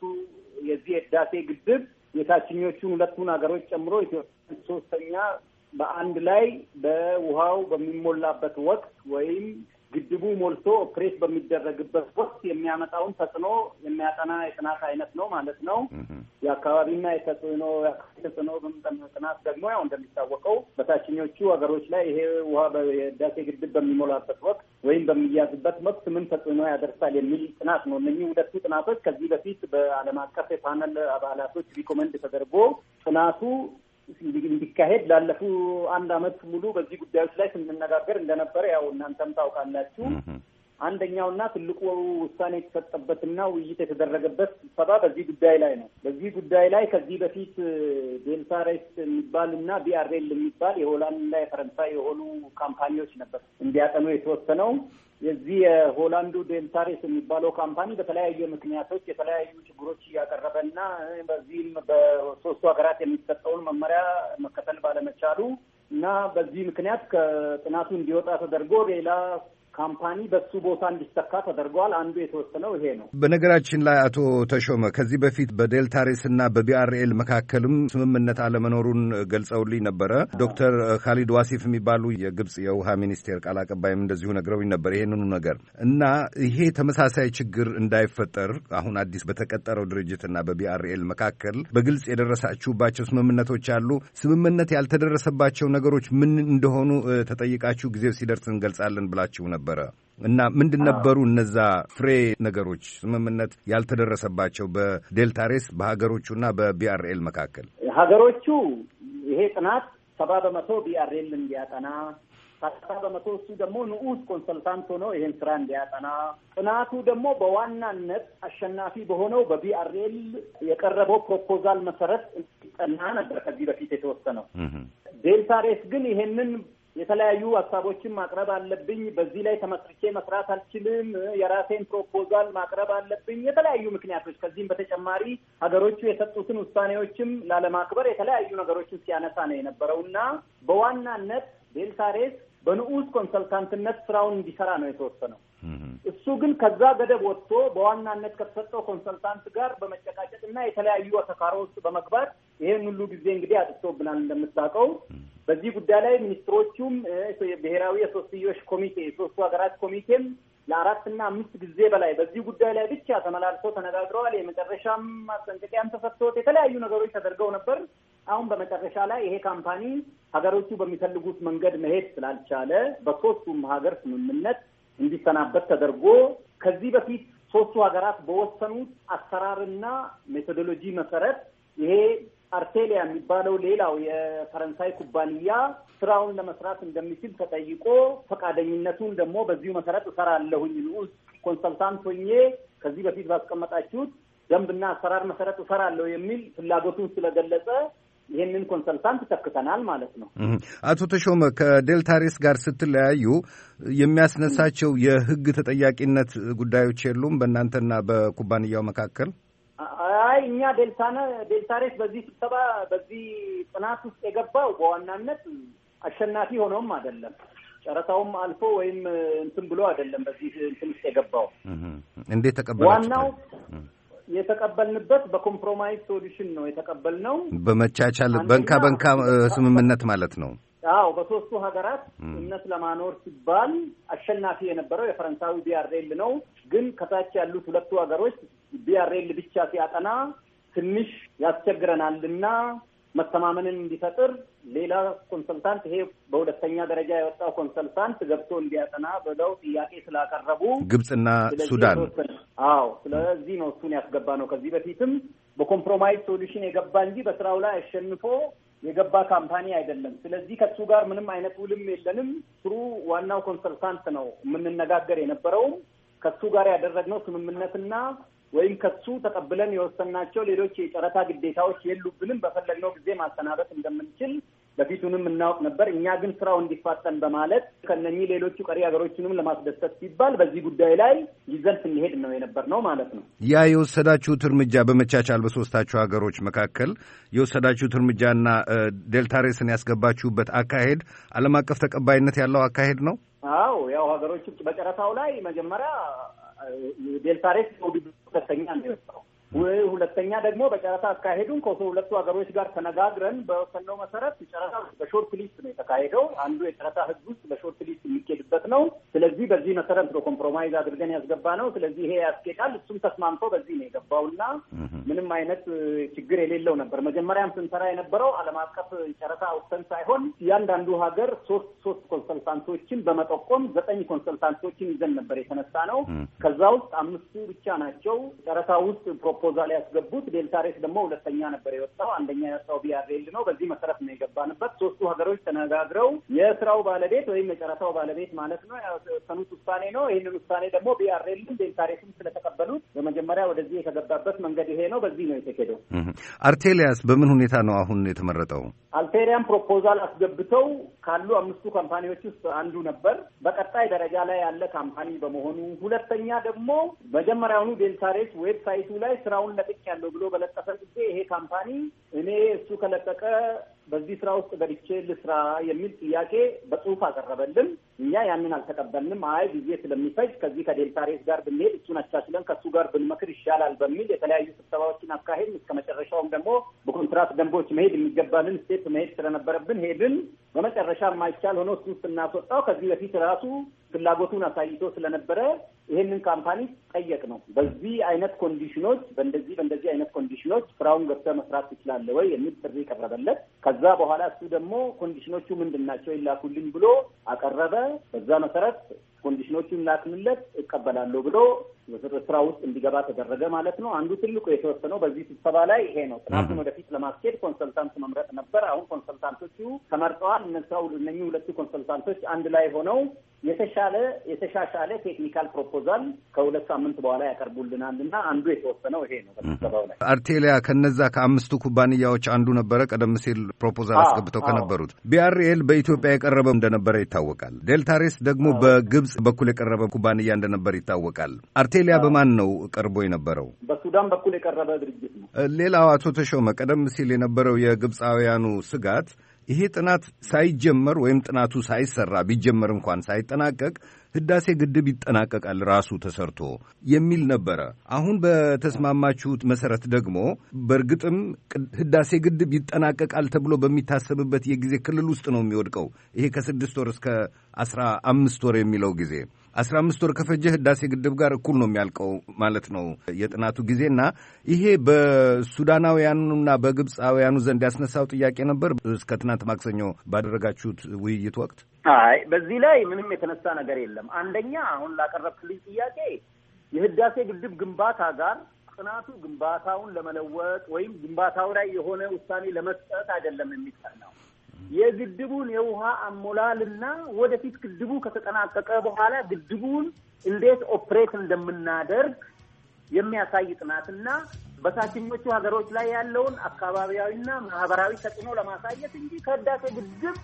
የዚህ የህዳሴ ግድብ የታችኞቹን ሁለቱን ሀገሮች ጨምሮ ኢትዮጵያ ሶስተኛ በአንድ ላይ በውሃው በሚሞላበት ወቅት ወይም ግድቡ ሞልቶ ኦፕሬት በሚደረግበት ወቅት የሚያመጣውን ተጽዕኖ የሚያጠና የጥናት አይነት ነው ማለት ነው። የአካባቢና የተጽዕኖ ተጽዕኖ ጥናት ደግሞ ያው እንደሚታወቀው በታችኞቹ ሀገሮች ላይ ይሄ ውሃ በህዳሴ ግድብ በሚሞላበት ወቅት ወይም በሚያዝበት ወቅት ምን ተጽዕኖ ያደርሳል የሚል ጥናት ነው። እነኚህ ሁለቱ ጥናቶች ከዚህ በፊት በዓለም አቀፍ የፓነል አባላቶች ሪኮመንድ ተደርጎ ጥናቱ እንዲካሄድ ላለፉ አንድ አመት ሙሉ በዚህ ጉዳዮች ላይ ስንነጋገር እንደነበረ ያው እናንተም ታውቃላችሁ። አንደኛውና ትልቁ ውሳኔ የተሰጠበትና ውይይት የተደረገበት ስብሰባ በዚህ ጉዳይ ላይ ነው። በዚህ ጉዳይ ላይ ከዚህ በፊት ዴልታሬስ የሚባል እና ቢአርኤል የሚባል የሆላንድና የፈረንሳይ የሆኑ ካምፓኒዎች ነበር እንዲያጠኑ የተወሰነው። የዚህ የሆላንዱ ዴልታሬስ የሚባለው ካምፓኒ በተለያዩ ምክንያቶች የተለያዩ ችግሮች እያቀረበ ና በዚህም በሶስቱ ሀገራት የሚሰጠውን መመሪያ መከተል ባለመቻሉ እና በዚህ ምክንያት ከጥናቱ እንዲወጣ ተደርጎ ሌላ ካምፓኒ በሱ ቦታ እንዲሰካ ተደርገዋል። አንዱ የተወሰነው ይሄ ነው። በነገራችን ላይ አቶ ተሾመ ከዚህ በፊት በዴልታ ሬስ እና በቢአርኤል መካከልም ስምምነት አለመኖሩን ገልጸውልኝ ነበረ። ዶክተር ካሊድ ዋሲፍ የሚባሉ የግብፅ የውሃ ሚኒስቴር ቃል አቀባይም እንደዚሁ ነግረውኝ ነበር ይሄንኑ ነገር እና ይሄ ተመሳሳይ ችግር እንዳይፈጠር አሁን አዲስ በተቀጠረው ድርጅትና በቢአርኤል መካከል በግልጽ የደረሳችሁባቸው ስምምነቶች አሉ። ስምምነት ያልተደረሰባቸው ነገሮች ምን እንደሆኑ ተጠይቃችሁ ጊዜው ሲደርስ እንገልጻለን ብላችሁ ነበር። ነበረ እና ምንድን ነበሩ እነዛ ፍሬ ነገሮች ስምምነት ያልተደረሰባቸው በዴልታ ሬስ በሀገሮቹና በቢአርኤል መካከል? ሀገሮቹ ይሄ ጥናት ሰባ በመቶ ቢአርኤል እንዲያጠና ሰባ በመቶ እሱ ደግሞ ንዑስ ኮንሰልታንት ሆኖ ይሄን ስራ እንዲያጠና ጥናቱ ደግሞ በዋናነት አሸናፊ በሆነው በቢአርኤል የቀረበው ፕሮፖዛል መሰረት እንዲጠና ነበር ከዚህ በፊት የተወሰነው። ዴልታ ሬስ ግን ይሄንን የተለያዩ ሀሳቦችን ማቅረብ አለብኝ። በዚህ ላይ ተመስርቼ መስራት አልችልም። የራሴን ፕሮፖዛል ማቅረብ አለብኝ። የተለያዩ ምክንያቶች ከዚህም በተጨማሪ ሀገሮቹ የሰጡትን ውሳኔዎችም ላለማክበር የተለያዩ ነገሮችን ሲያነሳ ነው የነበረው እና በዋናነት ቤልሳሬስ በንዑስ ኮንሰልታንትነት ስራውን እንዲሰራ ነው የተወሰነው። እሱ ግን ከዛ ገደብ ወጥቶ በዋናነት ከተሰጠው ኮንሰልታንት ጋር በመጨቃጨቅ እና የተለያዩ አተካሮ ውስጥ በመግባት ይህን ሁሉ ጊዜ እንግዲህ አጥፍቶብናል። እንደምታውቀው በዚህ ጉዳይ ላይ ሚኒስትሮቹም ብሔራዊ የሶስትዮሽ ኮሚቴ የሶስቱ ሀገራት ኮሚቴም ለአራትና አምስት ጊዜ በላይ በዚህ ጉዳይ ላይ ብቻ ተመላልሶ ተነጋግረዋል። የመጨረሻም ማስጠንቀቂያም ተሰጥቶት የተለያዩ ነገሮች ተደርገው ነበር። አሁን በመጨረሻ ላይ ይሄ ካምፓኒ ሀገሮቹ በሚፈልጉት መንገድ መሄድ ስላልቻለ በሶስቱም ሀገር ስምምነት እንዲሰናበት ተደርጎ ከዚህ በፊት ሶስቱ ሀገራት በወሰኑት አሰራርና ሜቶዶሎጂ መሰረት ይሄ አርቴሊያ የሚባለው ሌላው የፈረንሳይ ኩባንያ ስራውን ለመስራት እንደሚችል ተጠይቆ ፈቃደኝነቱን ደግሞ በዚሁ መሰረት እሰራለሁኝ ንዑስ ኮንሰልታንት ሆኜ ከዚህ በፊት ባስቀመጣችሁት ደንብና አሰራር መሰረት እሰራለሁ የሚል ፍላጎቱን ስለገለጸ ይህንን ኮንሰልታንት ተክተናል ማለት ነው። አቶ ተሾመ ከዴልታሪስ ጋር ስትለያዩ የሚያስነሳቸው የህግ ተጠያቂነት ጉዳዮች የሉም በእናንተና በኩባንያው መካከል? አይ እኛ ዴልታነ ዴልታሬስ በዚህ ስብሰባ በዚህ ጥናት ውስጥ የገባው በዋናነት አሸናፊ ሆነውም አይደለም ጨረታውም አልፎ ወይም እንትን ብሎ አይደለም። በዚህ እንትን ውስጥ የገባው እንዴት ተቀበላችሁ? ዋናው የተቀበልንበት በኮምፕሮማይዝ ሶሉሽን ነው የተቀበልነው። በመቻቻል በንካ በንካ ስምምነት ማለት ነው። አዎ በሶስቱ ሀገራት እምነት ለማኖር ሲባል አሸናፊ የነበረው የፈረንሳዊ ቢያሬል ነው። ግን ከታች ያሉት ሁለቱ ሀገሮች ቢያሬል ብቻ ሲያጠና ትንሽ ያስቸግረናል እና መተማመንን እንዲፈጥር ሌላ ኮንሰልታንት ይሄ በሁለተኛ ደረጃ የወጣው ኮንሰልታንት ገብቶ እንዲያጠና ብለው ጥያቄ ስላቀረቡ ግብፅና ሱዳን። አዎ፣ ስለዚህ ነው እሱን ያስገባ ነው። ከዚህ በፊትም በኮምፕሮማይዝ ሶሉሽን የገባ እንጂ በስራው ላይ አሸንፎ የገባ ካምፓኒ አይደለም። ስለዚህ ከሱ ጋር ምንም አይነት ውልም የለንም። ስሩ ዋናው ኮንሰልታንት ነው የምንነጋገር የነበረውም ከሱ ጋር ያደረግነው ስምምነትና ወይም ከሱ ተቀብለን የወሰናቸው ሌሎች የጨረታ ግዴታዎች የሉብንም። በፈለግነው ጊዜ ማሰናበት እንደምንችል በፊቱንም እናውቅ ነበር። እኛ ግን ስራው እንዲፋጠን በማለት ከነኚህ ሌሎቹ ቀሪ ሀገሮችንም ለማስደሰት ሲባል በዚህ ጉዳይ ላይ ይዘን ስንሄድ ነው የነበር ነው ማለት ነው። ያ የወሰዳችሁት እርምጃ በመቻቻል በሶስታችሁ ሀገሮች መካከል የወሰዳችሁት እርምጃና ዴልታሬስን ያስገባችሁበት አካሄድ ዓለም አቀፍ ተቀባይነት ያለው አካሄድ ነው። አዎ ያው ሀገሮች በጨረታው ላይ መጀመሪያ ዴልታሬስ ውድድሩ ሁለተኛ ነው የወጣው። ሁለተኛ ደግሞ በጨረታ አካሄዱን ከሁለቱ ሀገሮች ጋር ተነጋግረን በወሰነው መሰረት ጨረታ በሾርት ሊስት ነው የተካሄደው። አንዱ የጨረታ ህግ ውስጥ በሾርት ሊስት የሚኬድበት ነው። ስለዚህ በዚህ መሰረት ነው ኮምፕሮማይዝ አድርገን ያስገባ ነው። ስለዚህ ይሄ ያስኬዳል። እሱም ተስማምቶ በዚህ ነው የገባውና ምንም አይነት ችግር የሌለው ነበር። መጀመሪያም ስንሰራ የነበረው ዓለም አቀፍ ጨረታ አውጥተን ሳይሆን እያንዳንዱ ሀገር ሶስት ሶስት ኮንሰልታንቶችን በመጠቆም ዘጠኝ ኮንሰልታንቶችን ይዘን ነበር የተነሳ ነው። ከዛ ውስጥ አምስቱ ብቻ ናቸው ጨረታ ውስጥ ፕሮፖዛል ያስገቡት ቤልታሬስ ደግሞ ሁለተኛ ነበር የወጣው። አንደኛ የወጣው ቢያርኤል ነው። በዚህ መሰረት ነው የገባንበት። ሶስቱ ሀገሮች ተነጋግረው የስራው ባለቤት ወይም የጨረታው ባለቤት ማለት ነው ያሰኑት ውሳኔ ነው። ይህንን ውሳኔ ደግሞ ቢአርኤልም ቤልታሬስም ስለተቀበሉት በመጀመሪያ ወደዚህ የተገባበት መንገድ ይሄ ነው። በዚህ ነው የተሄደው። አርቴሊያስ በምን ሁኔታ ነው አሁን የተመረጠው? አልቴሪያም ፕሮፖዛል አስገብተው ካሉ አምስቱ ካምፓኒዎች ውስጥ አንዱ ነበር። በቀጣይ ደረጃ ላይ ያለ ካምፓኒ በመሆኑ ሁለተኛ ደግሞ መጀመሪያውኑ ቤልታሬስ ዌብሳይቱ ላይ ስራውን ለቅቄያለሁ ብሎ በለጠፈ ጊዜ ይሄ ካምፓኒ እኔ እሱ ከለቀቀ በዚህ ስራ ውስጥ ገብቼ ልስራ የሚል ጥያቄ በጽሁፍ አቀረበልን። እኛ ያንን አልተቀበልንም። አይ ጊዜ ስለሚፈጅ ከዚህ ከዴልታ ሬስ ጋር ብንሄድ እሱን አቻችለን ከእሱ ጋር ብንመክር ይሻላል በሚል የተለያዩ ስብሰባዎችን አካሄድ እስከ መጨረሻውም ደግሞ በኮንትራት ደንቦች መሄድ የሚገባንን ስቴፕ መሄድ ስለነበረብን ሄድን። በመጨረሻ የማይቻል ሆኖ እሱን ስናስወጣው ከዚህ በፊት ራሱ ፍላጎቱን አሳይቶ ስለነበረ ይሄንን ካምፓኒ ጠየቅ ነው። በዚህ አይነት ኮንዲሽኖች በእንደዚህ በእንደዚህ አይነት ኮንዲሽኖች ስራውን ገብተህ መስራት ትችላለህ ወይ የሚል ጥሪ ቀረበለት። ከዛ በኋላ እሱ ደግሞ ኮንዲሽኖቹ ምንድን ናቸው ይላኩልኝ ብሎ አቀረበ። በዛ መሰረት ኮንዲሽኖቹን ላክንለት እቀበላለሁ ብሎ ስራ ውስጥ እንዲገባ ተደረገ ማለት ነው። አንዱ ትልቁ የተወሰነው በዚህ ስብሰባ ላይ ይሄ ነው። ጥናቱን ወደፊት ለማስኬድ ኮንሰልታንት መምረጥ ነበር። አሁን ኮንሰልታንቶቹ ተመርጠዋል። እነኚህ ሁለቱ ኮንሰልታንቶች አንድ ላይ ሆነው የተሻለ የተሻሻለ ቴክኒካል ፕሮፖዛል ከሁለት ሳምንት በኋላ ያቀርቡልናል እና አንዱ የተወሰነው ይሄ ነው። በስብሰባው ላይ አርቴሊያ ከነዛ ከአምስቱ ኩባንያዎች አንዱ ነበረ። ቀደም ሲል ፕሮፖዛል አስገብተው ከነበሩት ቢአርኤል በኢትዮጵያ የቀረበ እንደነበረ ይታወቃል። ዴልታሬስ ደግሞ በግብፅ በኩል የቀረበ ኩባንያ እንደነበር ይታወቃል። አርቴሊያ በማን ነው ቀርቦ የነበረው? በሱዳን በኩል የቀረበ ድርጅት ነው። ሌላው አቶ ተሾመ፣ ቀደም ሲል የነበረው የግብፃውያኑ ስጋት ይሄ ጥናት ሳይጀመር ወይም ጥናቱ ሳይሰራ ቢጀመር እንኳን ሳይጠናቀቅ ህዳሴ ግድብ ይጠናቀቃል ራሱ ተሰርቶ የሚል ነበረ። አሁን በተስማማችሁት መሰረት ደግሞ በእርግጥም ህዳሴ ግድብ ይጠናቀቃል ተብሎ በሚታሰብበት የጊዜ ክልል ውስጥ ነው የሚወድቀው። ይሄ ከስድስት ወር እስከ አስራ አምስት ወር የሚለው ጊዜ አስራ አምስት ወር ከፈጀ ህዳሴ ግድብ ጋር እኩል ነው የሚያልቀው ማለት ነው የጥናቱ ጊዜና ይሄ በሱዳናውያኑና በግብፃውያኑ ዘንድ ያስነሳው ጥያቄ ነበር። እስከ ትናንት ማክሰኞ ባደረጋችሁት ውይይት ወቅት አይ በዚህ ላይ ምንም የተነሳ ነገር የለም። አንደኛ አሁን ላቀረብክልኝ ጥያቄ የህዳሴ ግድብ ግንባታ ጋር ጥናቱ ግንባታውን ለመለወጥ ወይም ግንባታው ላይ የሆነ ውሳኔ ለመስጠት አይደለም የሚጠናው የግድቡን የውሃ አሞላልና ወደፊት ግድቡ ከተጠናቀቀ በኋላ ግድቡን እንዴት ኦፕሬት እንደምናደርግ የሚያሳይ ጥናትና በታችኞቹ ሀገሮች ላይ ያለውን አካባቢያዊና ማህበራዊ ተጽዕኖ ለማሳየት እንጂ ከህዳሴ ግድብ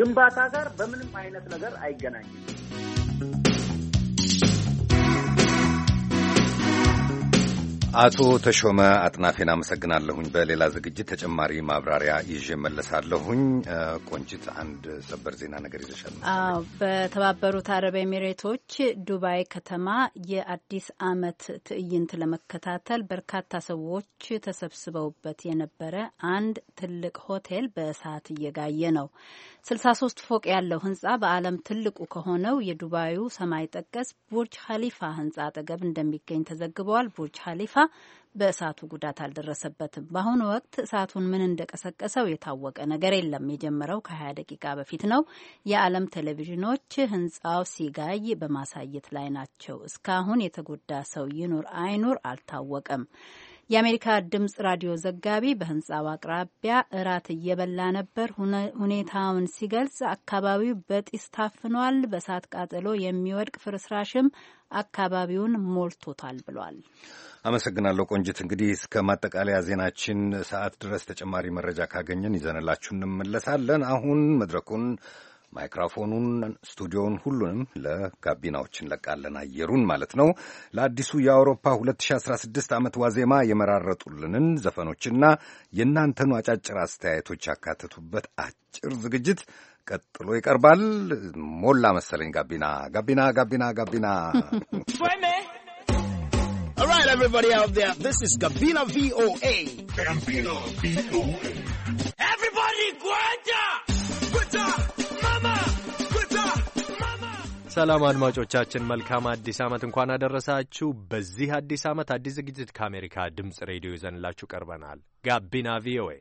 ግንባታ ጋር በምንም አይነት ነገር አይገናኝም። አቶ ተሾመ አጥናፌን አመሰግናለሁኝ። በሌላ ዝግጅት ተጨማሪ ማብራሪያ ይዤ መለሳለሁኝ። ቆንጂት፣ አንድ ሰበር ዜና ነገር ይዘሻል። በተባበሩት አረብ ኤሚሬቶች ዱባይ ከተማ የአዲስ ዓመት ትዕይንት ለመከታተል በርካታ ሰዎች ተሰብስበውበት የነበረ አንድ ትልቅ ሆቴል በእሳት እየጋየ ነው። 63 ፎቅ ያለው ህንፃ በዓለም ትልቁ ከሆነው የዱባዩ ሰማይ ጠቀስ ቡርጅ ሀሊፋ ህንፃ አጠገብ እንደሚገኝ ተዘግበዋል። ቡርጅ ሀሊፋ በእሳቱ ጉዳት አልደረሰበትም። በአሁኑ ወቅት እሳቱን ምን እንደቀሰቀሰው የታወቀ ነገር የለም። የጀመረው ከ20 ደቂቃ በፊት ነው። የዓለም ቴሌቪዥኖች ህንፃው ሲጋይ በማሳየት ላይ ናቸው። እስካሁን የተጎዳ ሰው ይኑር አይኑር አልታወቀም። የአሜሪካ ድምፅ ራዲዮ ዘጋቢ በህንፃው አቅራቢያ እራት እየበላ ነበር። ሁኔታውን ሲገልጽ አካባቢው በጢስ ታፍኗል፣ በሳት ቃጠሎ የሚወድቅ ፍርስራሽም አካባቢውን ሞልቶታል ብሏል። አመሰግናለሁ ቆንጅት። እንግዲህ እስከ ማጠቃለያ ዜናችን ሰዓት ድረስ ተጨማሪ መረጃ ካገኘን ይዘንላችሁ እንመለሳለን። አሁን መድረኩን ማይክሮፎኑን፣ ስቱዲዮውን ሁሉንም ለጋቢናዎች እንለቃለን፣ አየሩን ማለት ነው። ለአዲሱ የአውሮፓ 2016 ዓመት ዋዜማ የመራረጡልንን ዘፈኖችና የእናንተኑ አጫጭር አስተያየቶች ያካተቱበት አጭር ዝግጅት ቀጥሎ ይቀርባል። ሞላ መሰለኝ ጋቢና ጋቢና ጋቢና ጋቢና everybody out there this is Gabina VOA Gabina VOA everybody ሰላም አድማጮቻችን፣ መልካም አዲስ ዓመት እንኳን አደረሳችሁ። በዚህ አዲስ ዓመት አዲስ ዝግጅት ከአሜሪካ ድምፅ ሬዲዮ ይዘንላችሁ ቀርበናል። ጋቢና ቪኦኤ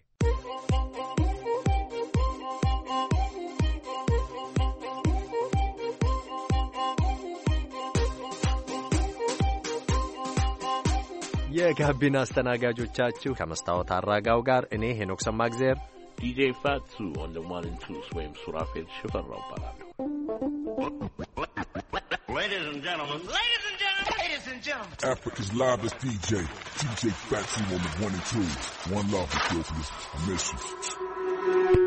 የጋቢና አስተናጋጆቻችሁ ከመስታወት አራጋው ጋር እኔ ሄኖክ ሰማግዜር ዲጄ ፋቱ ወንደማንንቱስ ወይም ሱራፌል ሽፈራው እባላለሁ። Ladies and gentlemen. Ladies and gentlemen. Ladies and gentlemen. Africa's livest DJ. DJ Fatsy on the one and two. One love for Christmas. I miss you.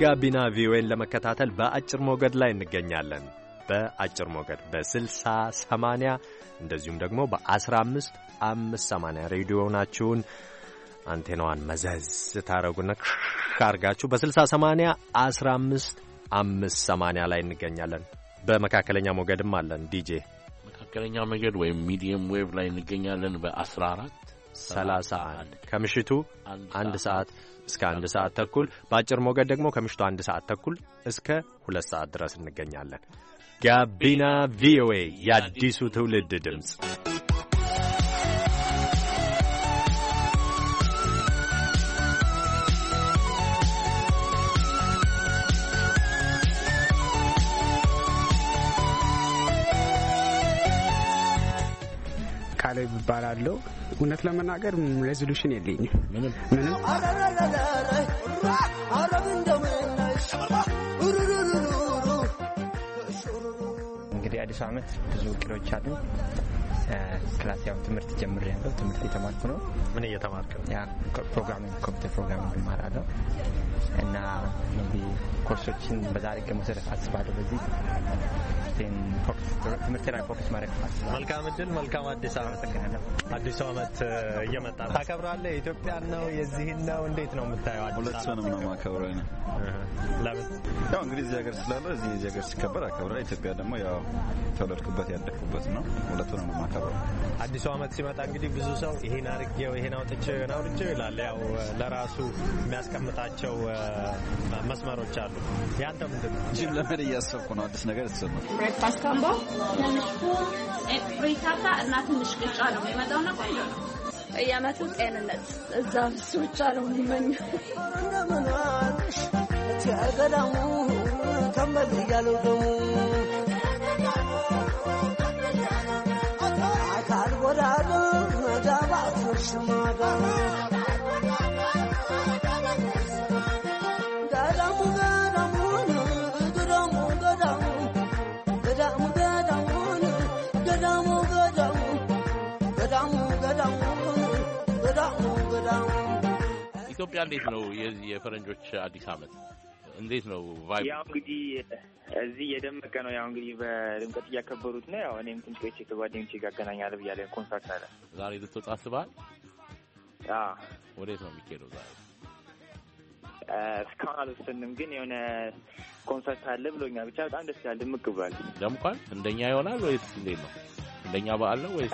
ጋቢና ቪኦኤን ለመከታተል በአጭር ሞገድ ላይ እንገኛለን። በአጭር ሞገድ በ 60 80 እንደዚሁም ደግሞ በ15580 ሬዲዮ ናችሁን አንቴናዋን መዘዝ ታረጉና ካርጋችሁ በ 60 80 15 580 ላይ እንገኛለን። በመካከለኛ ሞገድም አለን ዲጄ መካከለኛ ሞገድ ወይም ሚዲየም ዌቭ ላይ እንገኛለን በ14 31 ከምሽቱ አንድ ሰዓት እስከ አንድ ሰዓት ተኩል በአጭር ሞገድ ደግሞ ከምሽቱ አንድ ሰዓት ተኩል እስከ ሁለት ሰዓት ድረስ እንገኛለን። ጋቢና ቪኦኤ የአዲሱ ትውልድ ድምፅ። ቃለ ይባላለሁ። እውነት ለመናገር ሬዞሉሽን የለኝም ምንም እንግዲህ አዲሱ ዓመት ብዙ እቅዶች አሉ። ክላስ ያው ትምህርት ጀምር ያለው ትምህርት የተማርኩ ነው። ምን እየተማርክ ነው? ያ ፕሮግራሚንግ ኮምፒውተር ፕሮግራሚንግ እማራለሁ እና እንግዲህ ኮርሶችን በዛሬ ቀን አስባለሁ። በዚህ ትምህርት ላይ ፎከስ ማድረግ አስባለሁ። መልካም እድል፣ መልካም አዲስ ዓመት። አዲሱ ዓመት እየመጣ ነው። ታከብራለህ? የኢትዮጵያን ነው የዚህን ነው እንዴት ነው የምታየው? ሁለቱንም ነው ማከብረው ነው። ለምን ያው እንግዲህ እዚህ ሀገር ስላለ እዚህ ሀገር ሲከበር አከብራ፣ ኢትዮጵያ ደግሞ ያው ተወለድኩበት ያደግኩበት ነው። ሁለቱንም ነው የምናከብረው። አዲሱ ዓመት ሲመጣ እንግዲህ ብዙ ሰው ይሄን አርጌው ይሄን አውጥቼው ይሄን አውርቼው ይላል። ያው ለራሱ የሚያስቀምጣቸው መስመሮች አሉ። ያንተ ምንድን ነው? ጅም ለመድ እያሰብኩ ነው። አዲስ ነገር የተሰማ ብሬክፋስት ካምቦ ትንሽኩ ፍሪታታ እና ትንሽ ቅጫ ነው የሚመጣውና ቆንጆ ነው። በየዓመቱ ጤንነት እዛ ብሱ ብቻ ነው የሚመኘው። ገዳሙ ከመዝ ኢትዮጵያ እንዴት ነው የዚህ የፈረንጆች አዲስ አመት እንዴት ነው ቫይ? ያው እንግዲህ እዚህ የደመቀ ነው። ያው እንግዲህ በድምቀት እያከበሩት ነው። ያው እኔም ትንሽ ቆይቼ ከጓደኞቼ ጋር አገናኛለሁ ብያለሁ። ኮንሰርት አለ ዛሬ። ልትወጣ አስበሃል? ወዴት ነው የሚካሄደው ዛሬ? እስካሁን አልወሰንም፣ ግን የሆነ ኮንሰርት አለ ብሎኛል። ብቻ በጣም ደስ ይላል። ድምቅ ብሏል። ደምቋል። እንደኛ ይሆናል ወይስ እንዴት ነው? እንደኛ በዓል ነው ወይስ?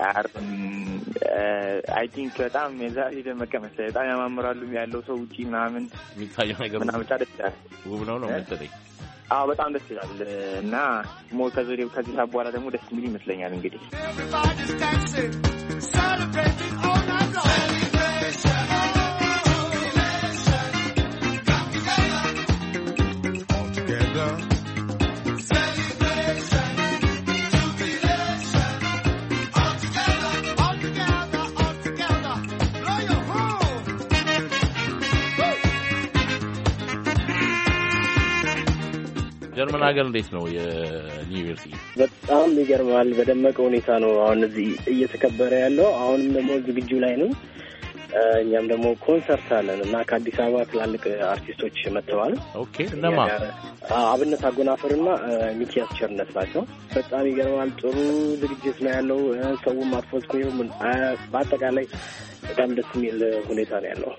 አይ ቲንክ በጣም የዛሬ ደመቀ መሰለኝ። በጣም ያማምራሉ ያለው ሰው ውጪ ምናምን የሚታየው ነገር ምናምን ብቻ ደስ ይላል። ውብ ነው ነው መሰለኝ አዎ በጣም ደስ ይላል እና ሞ ከዚህ ከዚህ ሰዓት በኋላ ደግሞ ደስ የሚል ይመስለኛል እንግዲህ ጀርመን ሀገር እንዴት ነው የኒው ይርስ? በጣም ይገርማል። በደመቀ ሁኔታ ነው አሁን እዚህ እየተከበረ ያለው። አሁንም ደግሞ ዝግጁ ላይ ነው። እኛም ደግሞ ኮንሰርት አለን እና ከአዲስ አበባ ትላልቅ አርቲስቶች መጥተዋል። ኦኬ እነማ? አብነት አጎናፈርና ሚኪያስ ቸርነት ናቸው። በጣም ይገርማል። ጥሩ ዝግጅት ነው ያለው። ሰውም አትፎዝኮ በአጠቃላይ በጣም ደስ የሚል ሁኔታ ነው ያለው።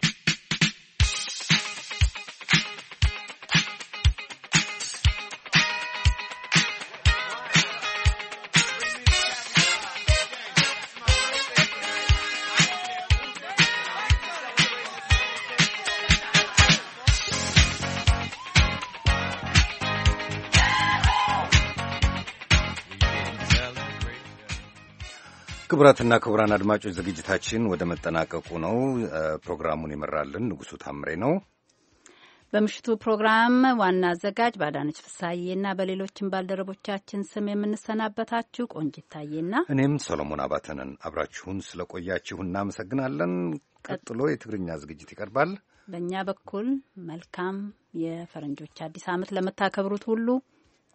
ክቡራትና ክቡራን አድማጮች ዝግጅታችን ወደ መጠናቀቁ ነው። ፕሮግራሙን ይመራልን ንጉሱ ታምሬ ነው። በምሽቱ ፕሮግራም ዋና አዘጋጅ ባዳነች ፍሳዬና በሌሎችም ባልደረቦቻችን ስም የምንሰናበታችሁ ቆንጅ ታዬና እኔም ሰሎሞን አባተንን አብራችሁን ስለቆያችሁ እናመሰግናለን። ቀጥሎ የትግርኛ ዝግጅት ይቀርባል። በእኛ በኩል መልካም የፈረንጆች አዲስ ዓመት ለምታከብሩት ሁሉ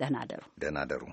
ደህና ደሩ፣ ደህና ደሩ።